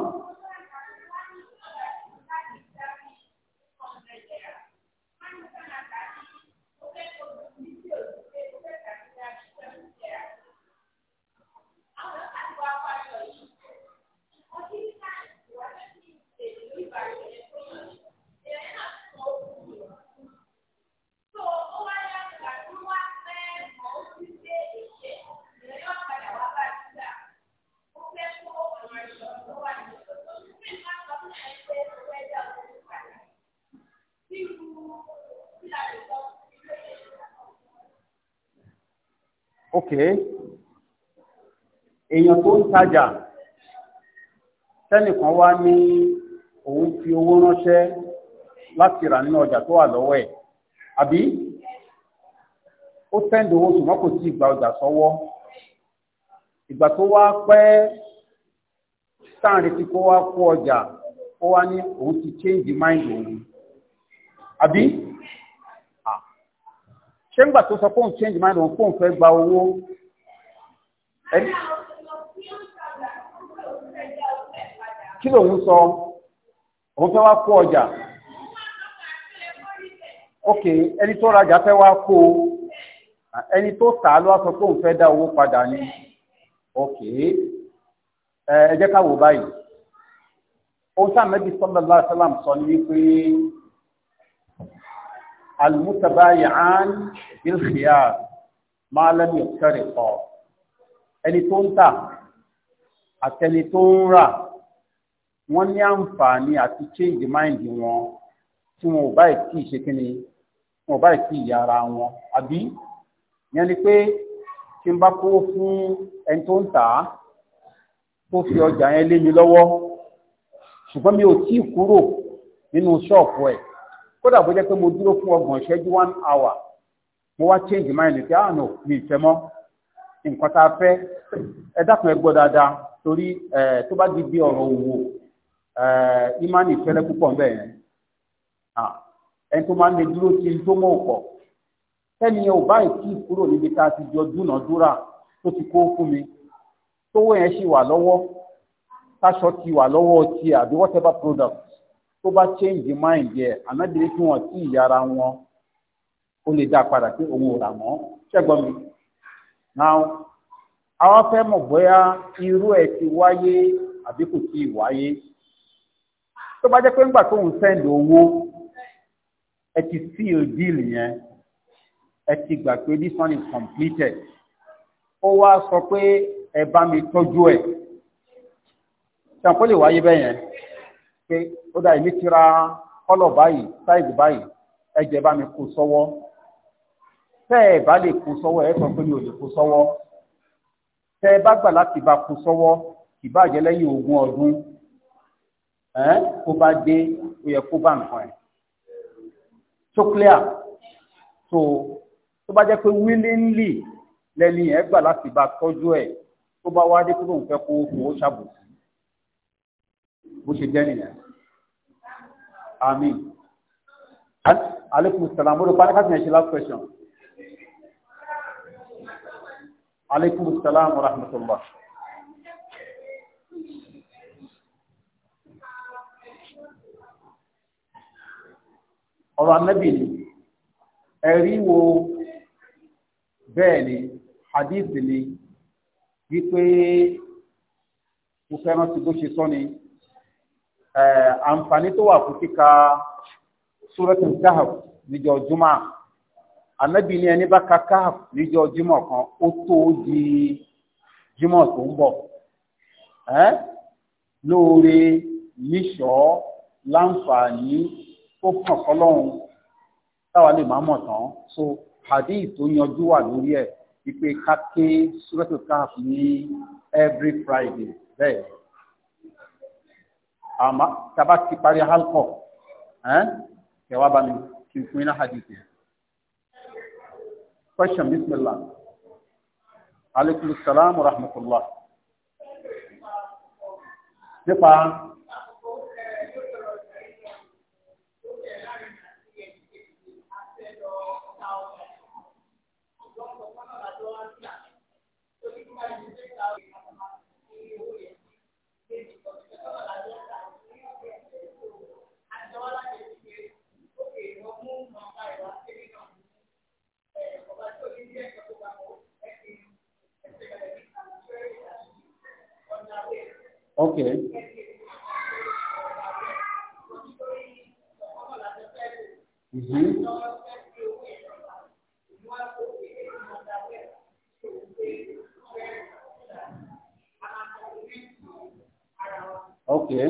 ok èèyàn tó ń tajà tẹ́nìkan wá ní òun fi owó ránṣẹ́ láti rà nínú ọjà tó wà lọ́wọ́ ẹ̀ àbí ó tẹ́ǹdì owó ṣùgbọ́n kò sí ìgbà ọjà sọ́wọ́ ìgbà tó wá pẹ́ sáàrin tí kó wá kó ọjà ó wá ní òun ti change mind òun àbí. ṣé ń gbà tó sọ fóun change mind òun fóun fẹ́ gba owó ẹni kí lòun sọ òun fẹ́ wá kó ọjà ok ẹni tó rajà fẹ́ wá kó ẹni tó tà á ló wá sọ fóun fẹ́ dá owó padà ni ok ẹ jẹ́ ká wò báyìí ohun tí àmẹ́bí sallallahu alaihi wasallam sọ ni wípé almutabayi'an bilkhiyar máa lẹ́nu ìṣẹ́rẹ̀ kọ́ ẹni tó ń tà àtẹni tó ń rà wọ́n ní àǹfààní àti change mind wọn tí wọn ò báyìí tí ì ṣe kí ni wọn ò báyìí tí ì yára wọn àbí yẹn ni pé tí n bá kó fún ẹni tó ń tà á tó fi ọjà yẹn lé mi lọ́wọ́ ṣùgbọ́n mi ò tí ì kúrò nínú ṣọ́ọ̀fù ẹ̀ kódà bó jẹ́ pé mo dúró fún ọgbọ̀n ìṣẹ́jú one hour mo wá change mind pé àánú ah, mi ìfẹ́ mọ́ nǹkan tá a fẹ́ ẹ dákun ẹ gbọ́ dáadáa torí tó bá di bí ọ̀rọ̀ òwò ìmánì ìfẹ́lẹ́ púpọ̀ ń bẹ̀ yẹn ẹni tó máa ń lè dúró sí tó mọ̀ ọ̀pọ̀ tẹ́ni ò báyìí kí kúrò níbi tá a ti jọ dúnàádúrà tó ti kó fún mi tówó yẹn ṣì wà lọ́wọ́ táṣọ ti wà lọ́wọ́ ti àbí whatever product tó bá change mind yẹ ànábìrì tí wọn ti yára wọn ó lè dá padà pé òun ò rà mọ́ ṣẹ́gbọ́n mi. now àwa fẹ́ mọ̀ bóyá irú ẹ̀ ti wáyé àbí kò tí ì wáyé tó bá jẹ́ pé ńgbà tóun send owó ẹ ti seal deal yẹn ẹ ti gbà pé this one is completed ó wá sọ pé ẹ bá mi tọ́jú ẹ̀ ṣàǹkó lè wáyé bẹ́ẹ̀ yẹn pé ó dà èmi ti ra kọ́lọ̀ báyìí sáìdì báyìí ẹ̀jẹ̀ bá mi kó sọ́wọ́ tẹ́ ẹ̀ bá lè kó sọ́wọ́ ẹ̀ sọ pé mi ò lè kó sọ́wọ́ tẹ́ ẹ bá gbà láti bá kó sọ́wọ́ kì bá jẹ́ ogún ọdún ẹ̀ kó bá dé ó yẹ kó bá nǹkan ẹ̀ so clear so tó bá jẹ́ pé willingly lẹ́ni ẹ̀ gbà láti bá tọ́jú ẹ̀ tó bá wá dé kúrò ń fẹ́ kó owó ṣàbùkù bó ṣe jẹ́ nìyẹn àmín alaikum salam mo rò pa nípa ṣe last question alaikum salam wa rahmatullah. ọ̀rọ̀ anábì ni ẹ̀rí wo bẹ́ẹ̀ ni hadith ni wípé mo fẹ́ràn tí bó ṣe sọ ni. Eh, àǹfààní tó wà fún kíka súrẹ́tì káhàf níjọ́ jùmọ̀ ànábì ní ẹni bá ka káhàf níjọ́ jùmọ̀ kan ó tó di jùmọ̀ tó ń bọ̀ eh, lóore níṣọ́ láǹfààní tó kàn kọ́lọ́hún táwa lè má mọ̀ tán so hadith tó yanjú wà lórí ẹ̀ wípé ká ké súrẹ́tì káhàf ní every Friday bẹ́ẹ̀ àmọ́ tàbá ti parí halkọ̀ kẹwàá bá mi kí n fún iná hadith yẹn. question bismillah aleykum salaam wa rahmatulah nípa ok Mm-hmm. Okay.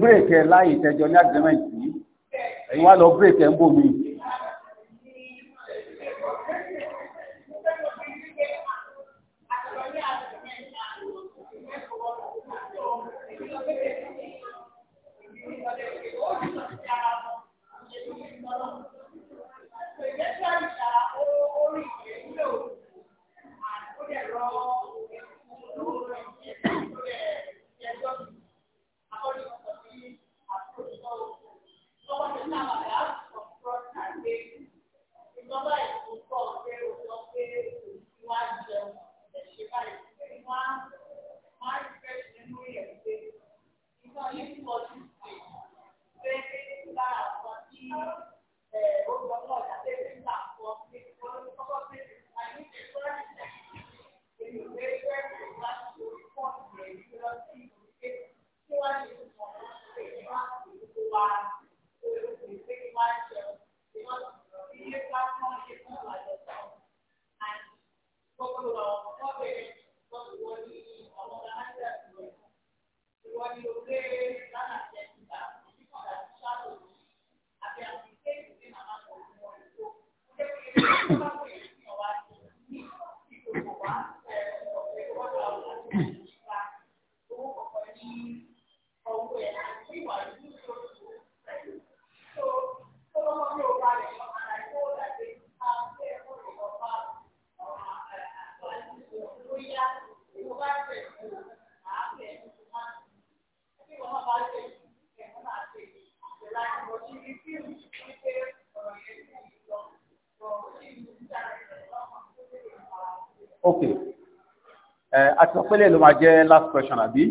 bírèkì ẹ̀ láàyè ìtẹ́jọ ní àgbẹ̀mẹ̀ntì yìí wọ́n á lọ bírèkì ẹ̀ ń bò míì. one sọ pé lè ló máa jẹ́ last question àbí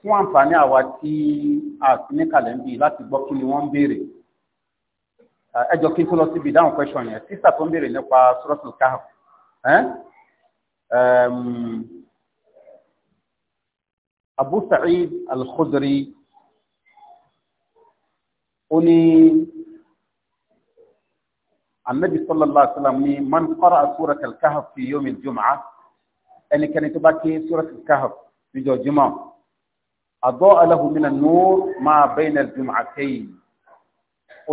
fún àǹfààní àwa tí a sì ní kalẹ̀ ń bì láti gbọ́ kí ni wọ́n ń béèrè ẹ jọ kí n tó lọ síbi dáhùn question yẹn sísà tó ń béèrè nípa Suratul Kahf Abu Sa'id Al-Khudri ó ní anabi sallallahu alaihi wa sallam ní man qara'a Suratul Kahf fi yawmil ẹnikẹ́ni tó bá ké suratul kahf níjọ́ jimá àgọ́ aláhùnmínà nur ma bayna al-jum'atayn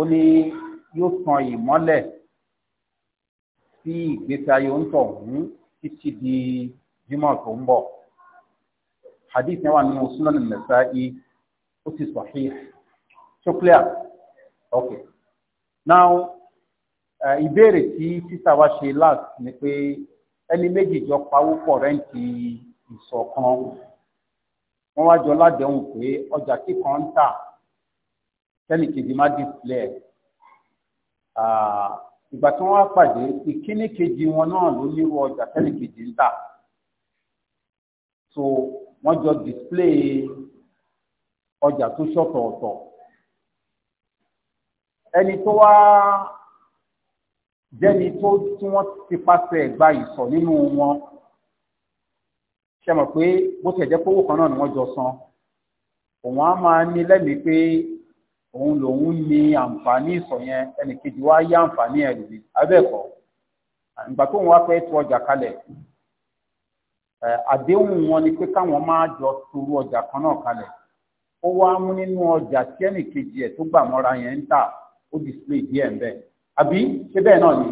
ó ní yóò tàn ìmọ́lẹ̀ sí ìgbésí ayé ń tọ̀ ọ̀hún títí di jimá tó ń bọ̀ hadith yẹn wà nínú sunan nasa'i ó ti sahih so clear okay now eh, ìbéèrè tí sísá wa ṣe last ni pé ẹni méjì jọ pawó pọ̀ rẹ́ǹtì ìṣọ̀kan wọ́n wá jọ ládẹ́hùn pé ọjà kíkan ń tà tẹ́nì kejì má dìpìlẹ̀ ìgbà tí wọ́n wá pàdé ìkíní kejì wọn náà ló nírú ọjà tẹ́nì kejì ń tà so wọ́n jọ display ọjà tó ṣọ̀tọ̀ọ̀tọ̀ ẹni tó wá. Wa jẹ́ni tó tí wọ́n ti pàṣẹ ẹ̀gbá ìsọ̀ nínú wọn ṣe mọ̀ pé bó ti ẹ̀jẹ̀ pówó kan náà ni wọ́n jọ san òun á máa ní lẹ́mìí pé òun lòun ní àǹfààní ìsọ̀ yẹn ẹnì kejì wá yá àǹfààní ẹ̀ lòdì abẹ́ẹ̀kọ́ ìgbà tó wọn wá fẹ́ tu ọjà kalẹ̀ àdéhùn wọn ni pé káwọn máa jọ turu ọjà kan náà kalẹ̀ ó wá mú nínú ọjà tí ẹnì kejì ẹ̀ tó gbà mọ́ra yẹn ń tà ó display díẹ̀ ń bẹ́ẹ̀ àbí ṣe bẹ́ẹ̀ náà ni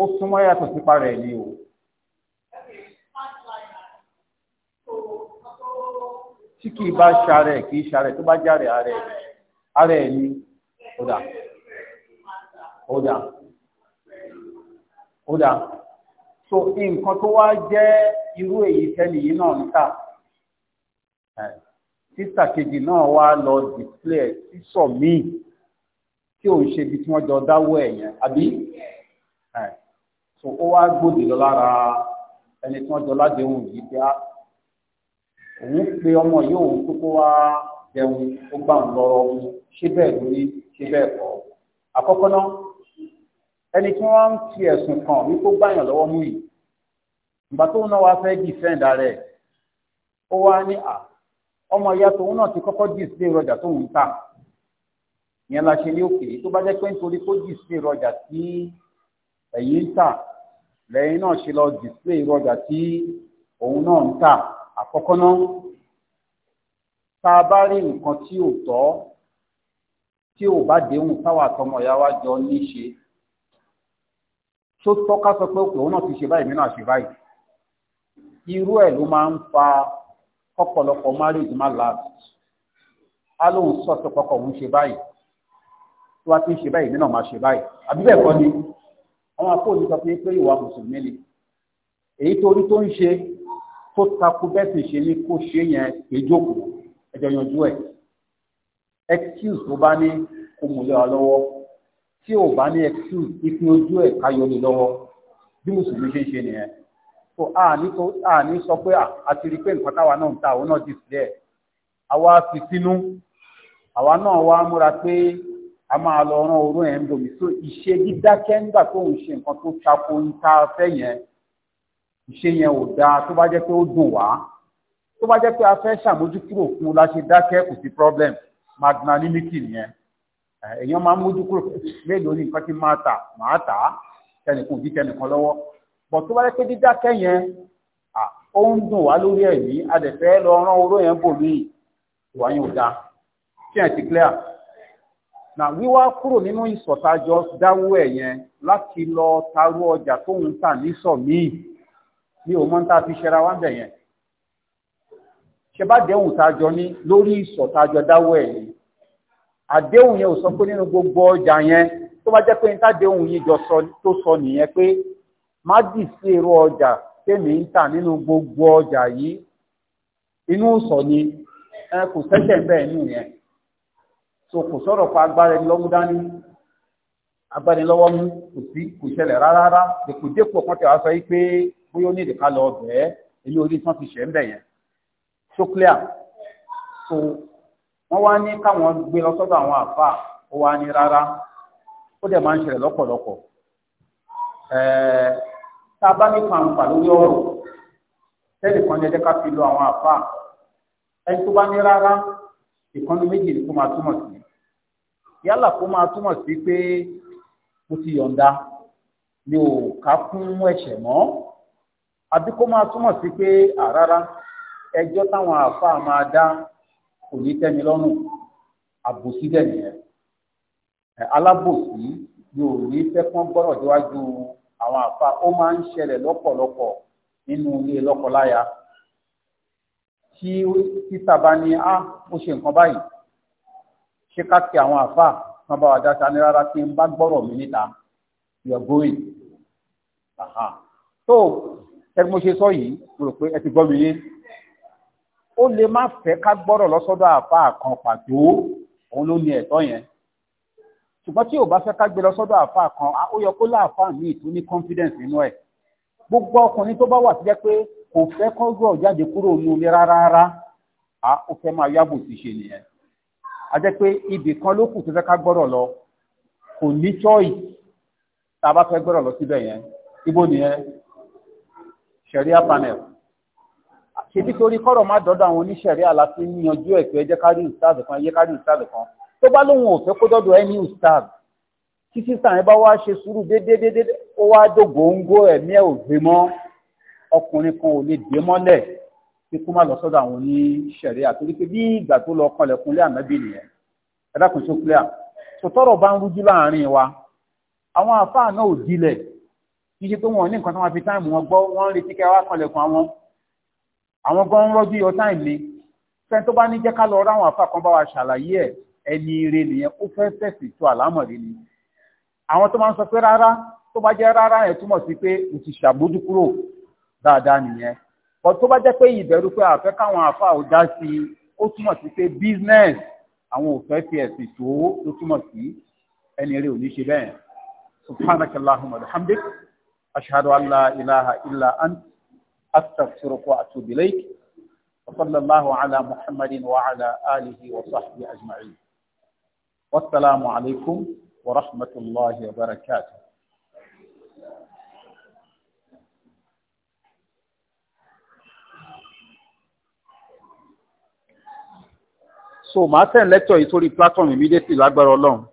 ó súnmọ́ yàtọ̀ sípa rẹ̀ ni o. tí kì í bá ṣàrẹ̀ kì í ṣàrẹ̀ tó bá járe ààrẹ ààrẹ ni ọ̀dà ọ̀dà ọ̀dà so nǹkan tó wá jẹ́ irú èyí tẹ́lẹ̀ yìí náà ń tà títà kejì náà wá lọ display sísọ míì tí ò ń ṣe ibi tí wọ́n jọ dáwọ́ ẹ̀ yẹn àbí so ó wá gbòdì lọ lára ẹni tí wọ́n jọ ládéhùn yìí pé òun pe ọmọ yìí òun kókó wá jẹun ó gbà ń lọ́rọ̀ mu ṣé bẹ́ẹ̀ lórí ṣé bẹ́ẹ̀ kọ́ àkọ́kọ́ náà ẹni tí wọ́n ń fi ẹ̀sùn kàn wípé ó gbàyàn lọ́wọ́ mú yìí ìgbà tó náà wá fẹ́ dìfẹ́ǹdà rẹ̀ ó wá ní à ọmọ ìyá tòun náà ti kọ́kọ́ dìsílẹ̀ rọjà tó ń tà ìyẹn la ṣe ní òkè tó bá jẹ́ pé nítorí kó dìsílẹ̀ rọjà tí ẹ̀yìn ń tà lẹ́yìn náà ṣe lọ dìsílẹ̀ rọjà tí òun náà ń tà àkọ́kọ́ náà tá a bá rí nǹkan tí ò tọ́ tí ò bá déhùn táwa àtọmọ ìyá wa jọ ní ṣe tó tọ́ ká sọ pé òkè òun náà ti ṣe báyìí mí náà ṣe báyìí irú ẹ̀ ló máa ń fa ọ̀pọ̀lọpọ̀ marriage má last á lóun sọ̀tọ̀ kọkọ̀ òun ṣe báyìí tó wá ti ń ṣe báyìí nínú máa ṣe báyìí àbí bẹ́ẹ̀ kọ́ ni àwọn afọ́òní sọ pé pé ìwà mùsùlùmí ni èyí torí tó ń ṣe tó takú bẹ́ẹ̀ sì ṣe ní kó ṣe yẹn ìjókòó ẹjọ́ yanjú ẹ̀ excuse tó bá ní kó mú lé wa tí ò bá ní excuse ìpín ojú ẹ̀ káyọ̀ lé lọ́wọ́ bí mùsùlùmí ṣe ń ṣe nìyẹn so a ní sọ pé àti rí pé nǹkan táwa náà ń ta àwọn náà di sílẹ̀ àwa fi sínú àwa náà a máa lọ rán orún ẹ̀ ń so ìṣe dídákẹ́ nígbà tó ń ṣe nǹkan tó tako ń ta fẹ́ yẹn ìṣe yẹn ò dáa tó bá jẹ́ pé ó dùn wá tó a fẹ́ ṣàmójúkúrò fún un la ṣe dákẹ́ kò problem magnanimity nìyẹn èèyàn máa ń mójúkúrò mélòó ní nǹkan máa tà máa tà tẹnìkan bọ̀ tó bá rẹ́ pé dídákẹ́ yẹn ó ń dùn wá lórí ẹ̀mí adẹ̀fẹ́ lọ rán oró yẹn bò ní ìwà yẹn ò da kí ẹ̀ ti clear na wíwá kúrò nínú ìsọ̀tajọ dáwó ẹ̀ yẹn láti lọ tarú ọjà tó ń tà nísọ̀ míì ní òun mọ́ta fi ṣẹra wá bẹ̀ yẹn ṣe bá dẹ́hùn tajọ ní lórí ìsọ̀tajọ dáwó ẹ̀ yìí àdéhùn yẹn ò sọ pé nínú gbogbo ọjà yẹn tó bá jẹ́ pé ní tádéhùn yìí jọ sọ tó sọ nìyẹn pé má èrò ọjà tèmi ń tà nínú gbogbo ọjà yìí inú sọ ni kò sẹ́sẹ̀ bẹ́ẹ̀ yẹn so kò sọ̀rọ̀ pa agbára ẹni lọ́wọ́ dání agbára ẹni lọ́wọ́ mú kò sí kò ṣẹlẹ̀ rárá dépò kan wá sọ yìí pé bóyá ó ní so clear so wọ́n wá ní káwọn gbé lọ sọ́dọ̀ àwọn ó wá ní rárá ó dẹ̀ tá a bá ní fanfà lórí ọ̀rọ̀ tẹ́lẹ̀ kan jẹjẹ ká fi lo àwọn àfa ẹni tó bá ní rárá ìkànnì méjì ni kó máa túmọ̀ sí yálà kó máa túmọ̀ sí pé mo ti yọ̀ǹda mi ò ká fún ẹ̀ṣẹ̀ mọ́ àwọn àfa ó máa ń ṣẹlẹ̀ lọ́pọ̀lọpọ̀ nínú ilé lọ́kọláya tí títà bá ní á ó ṣe nǹkan báyìí ṣé ká pe àwọn àfa kan bá wà dáta ní rárá tí n bá gbọ́rọ̀ mi níta you're going so ẹgbẹ́ mo ṣe sọ yìí mo rò pé ẹ ti gbọ́ mi yé ó lè má fẹ́ ká gbọ́rọ̀ lọ́sọ́dọ̀ àfa kan pàtó òun ló ní ẹ̀tọ́ yẹn ṣùgbọ́n tí ò bá fẹ́ ká gbé lọ sọ́dọ̀ àfa kan ó yẹ kó láàfa mi ìtú ní confidence nínú ẹ̀ gbogbo ọkùnrin tó bá wà sí jẹ́ pé kò fẹ́ kọ́gbọ́ jáde kúrò ní ilé rárá rárá a ó fẹ́ máa yábò sí ṣe nìyẹn a jẹ́ pé ibì kan ló kù tó fẹ́ ká gbọ́dọ̀ lọ kò ní choice tá a bá fẹ́ gbọ́dọ̀ lọ síbẹ̀ yẹn ibo nìyẹn sharia panel ṣe nítorí kọ́rọ̀ má dọ́dọ̀ àwọn oníṣẹ̀rí àlàfin yanjú ẹ̀ pé ẹ jẹ́ ká rí ìsáàbì kan ẹ jẹ́ ká rí ìsáàbì kan tó bá lóun ò fẹ́ kó dọ́dọ̀ ẹni ustaz tí sísà yẹn bá wá ṣe sùúrù déédéédéé ó wá dògóńgó ẹ̀mí ẹ̀ ò gbé mọ́ ọkùnrin kan ò lè dé mọ́lẹ̀ kí kó má lọ sọ́dọ̀ àwọn oníṣẹ̀rí àtòrí pé bí ìgbà tó lọ kọlẹ̀kúnlé ànábì nìyẹn ẹ̀dákùn tó clear sọtọ́rọ̀ bá ń rújú láàrin wa àwọn àfáà náà ò dilẹ̀ kí ṣe pé wọn ní nǹkan tó máa fi táìmù wọn gbọ́ wọ́n ń retí kẹ́ wá kọlẹ̀kùn àwọn àwọn gan ń rọ́jú yọ táìmù ni fẹ́ni tó bá ní jẹ́ ká lọ ráwọn àfáà kan bá wa ṣàlàyé ẹ̀ ẹni ire nìyẹn ó fẹ́ tẹ̀sí tó àlámọ̀rí ni àwọn tó máa ń sọ pé rárá tó bá jẹ́ rárá yẹn túmọ̀ sí pé mo ti ṣàbójúkúrò dáadáa nìyẹn but tó bá jẹ́ pé ìbẹ̀rù pé àfẹ́ káwọn àfa ò dá sí i ó túmọ̀ sí pé business àwọn òfẹ́ fi ẹ̀sìn tó ló túmọ̀ sí ẹni ire ò ní ṣe bẹ́ẹ̀ subhanakallahumma wa bihamdik ashhadu an ilaha illa anta astaghfiruka wa atubu ilayk وصلى الله على محمد وعلى آله وصحبه أجمعين والسلام عليكم ورحمة الله وبركاته so màá send lecture yìí sórí platform immediately lágbára ọlọ́run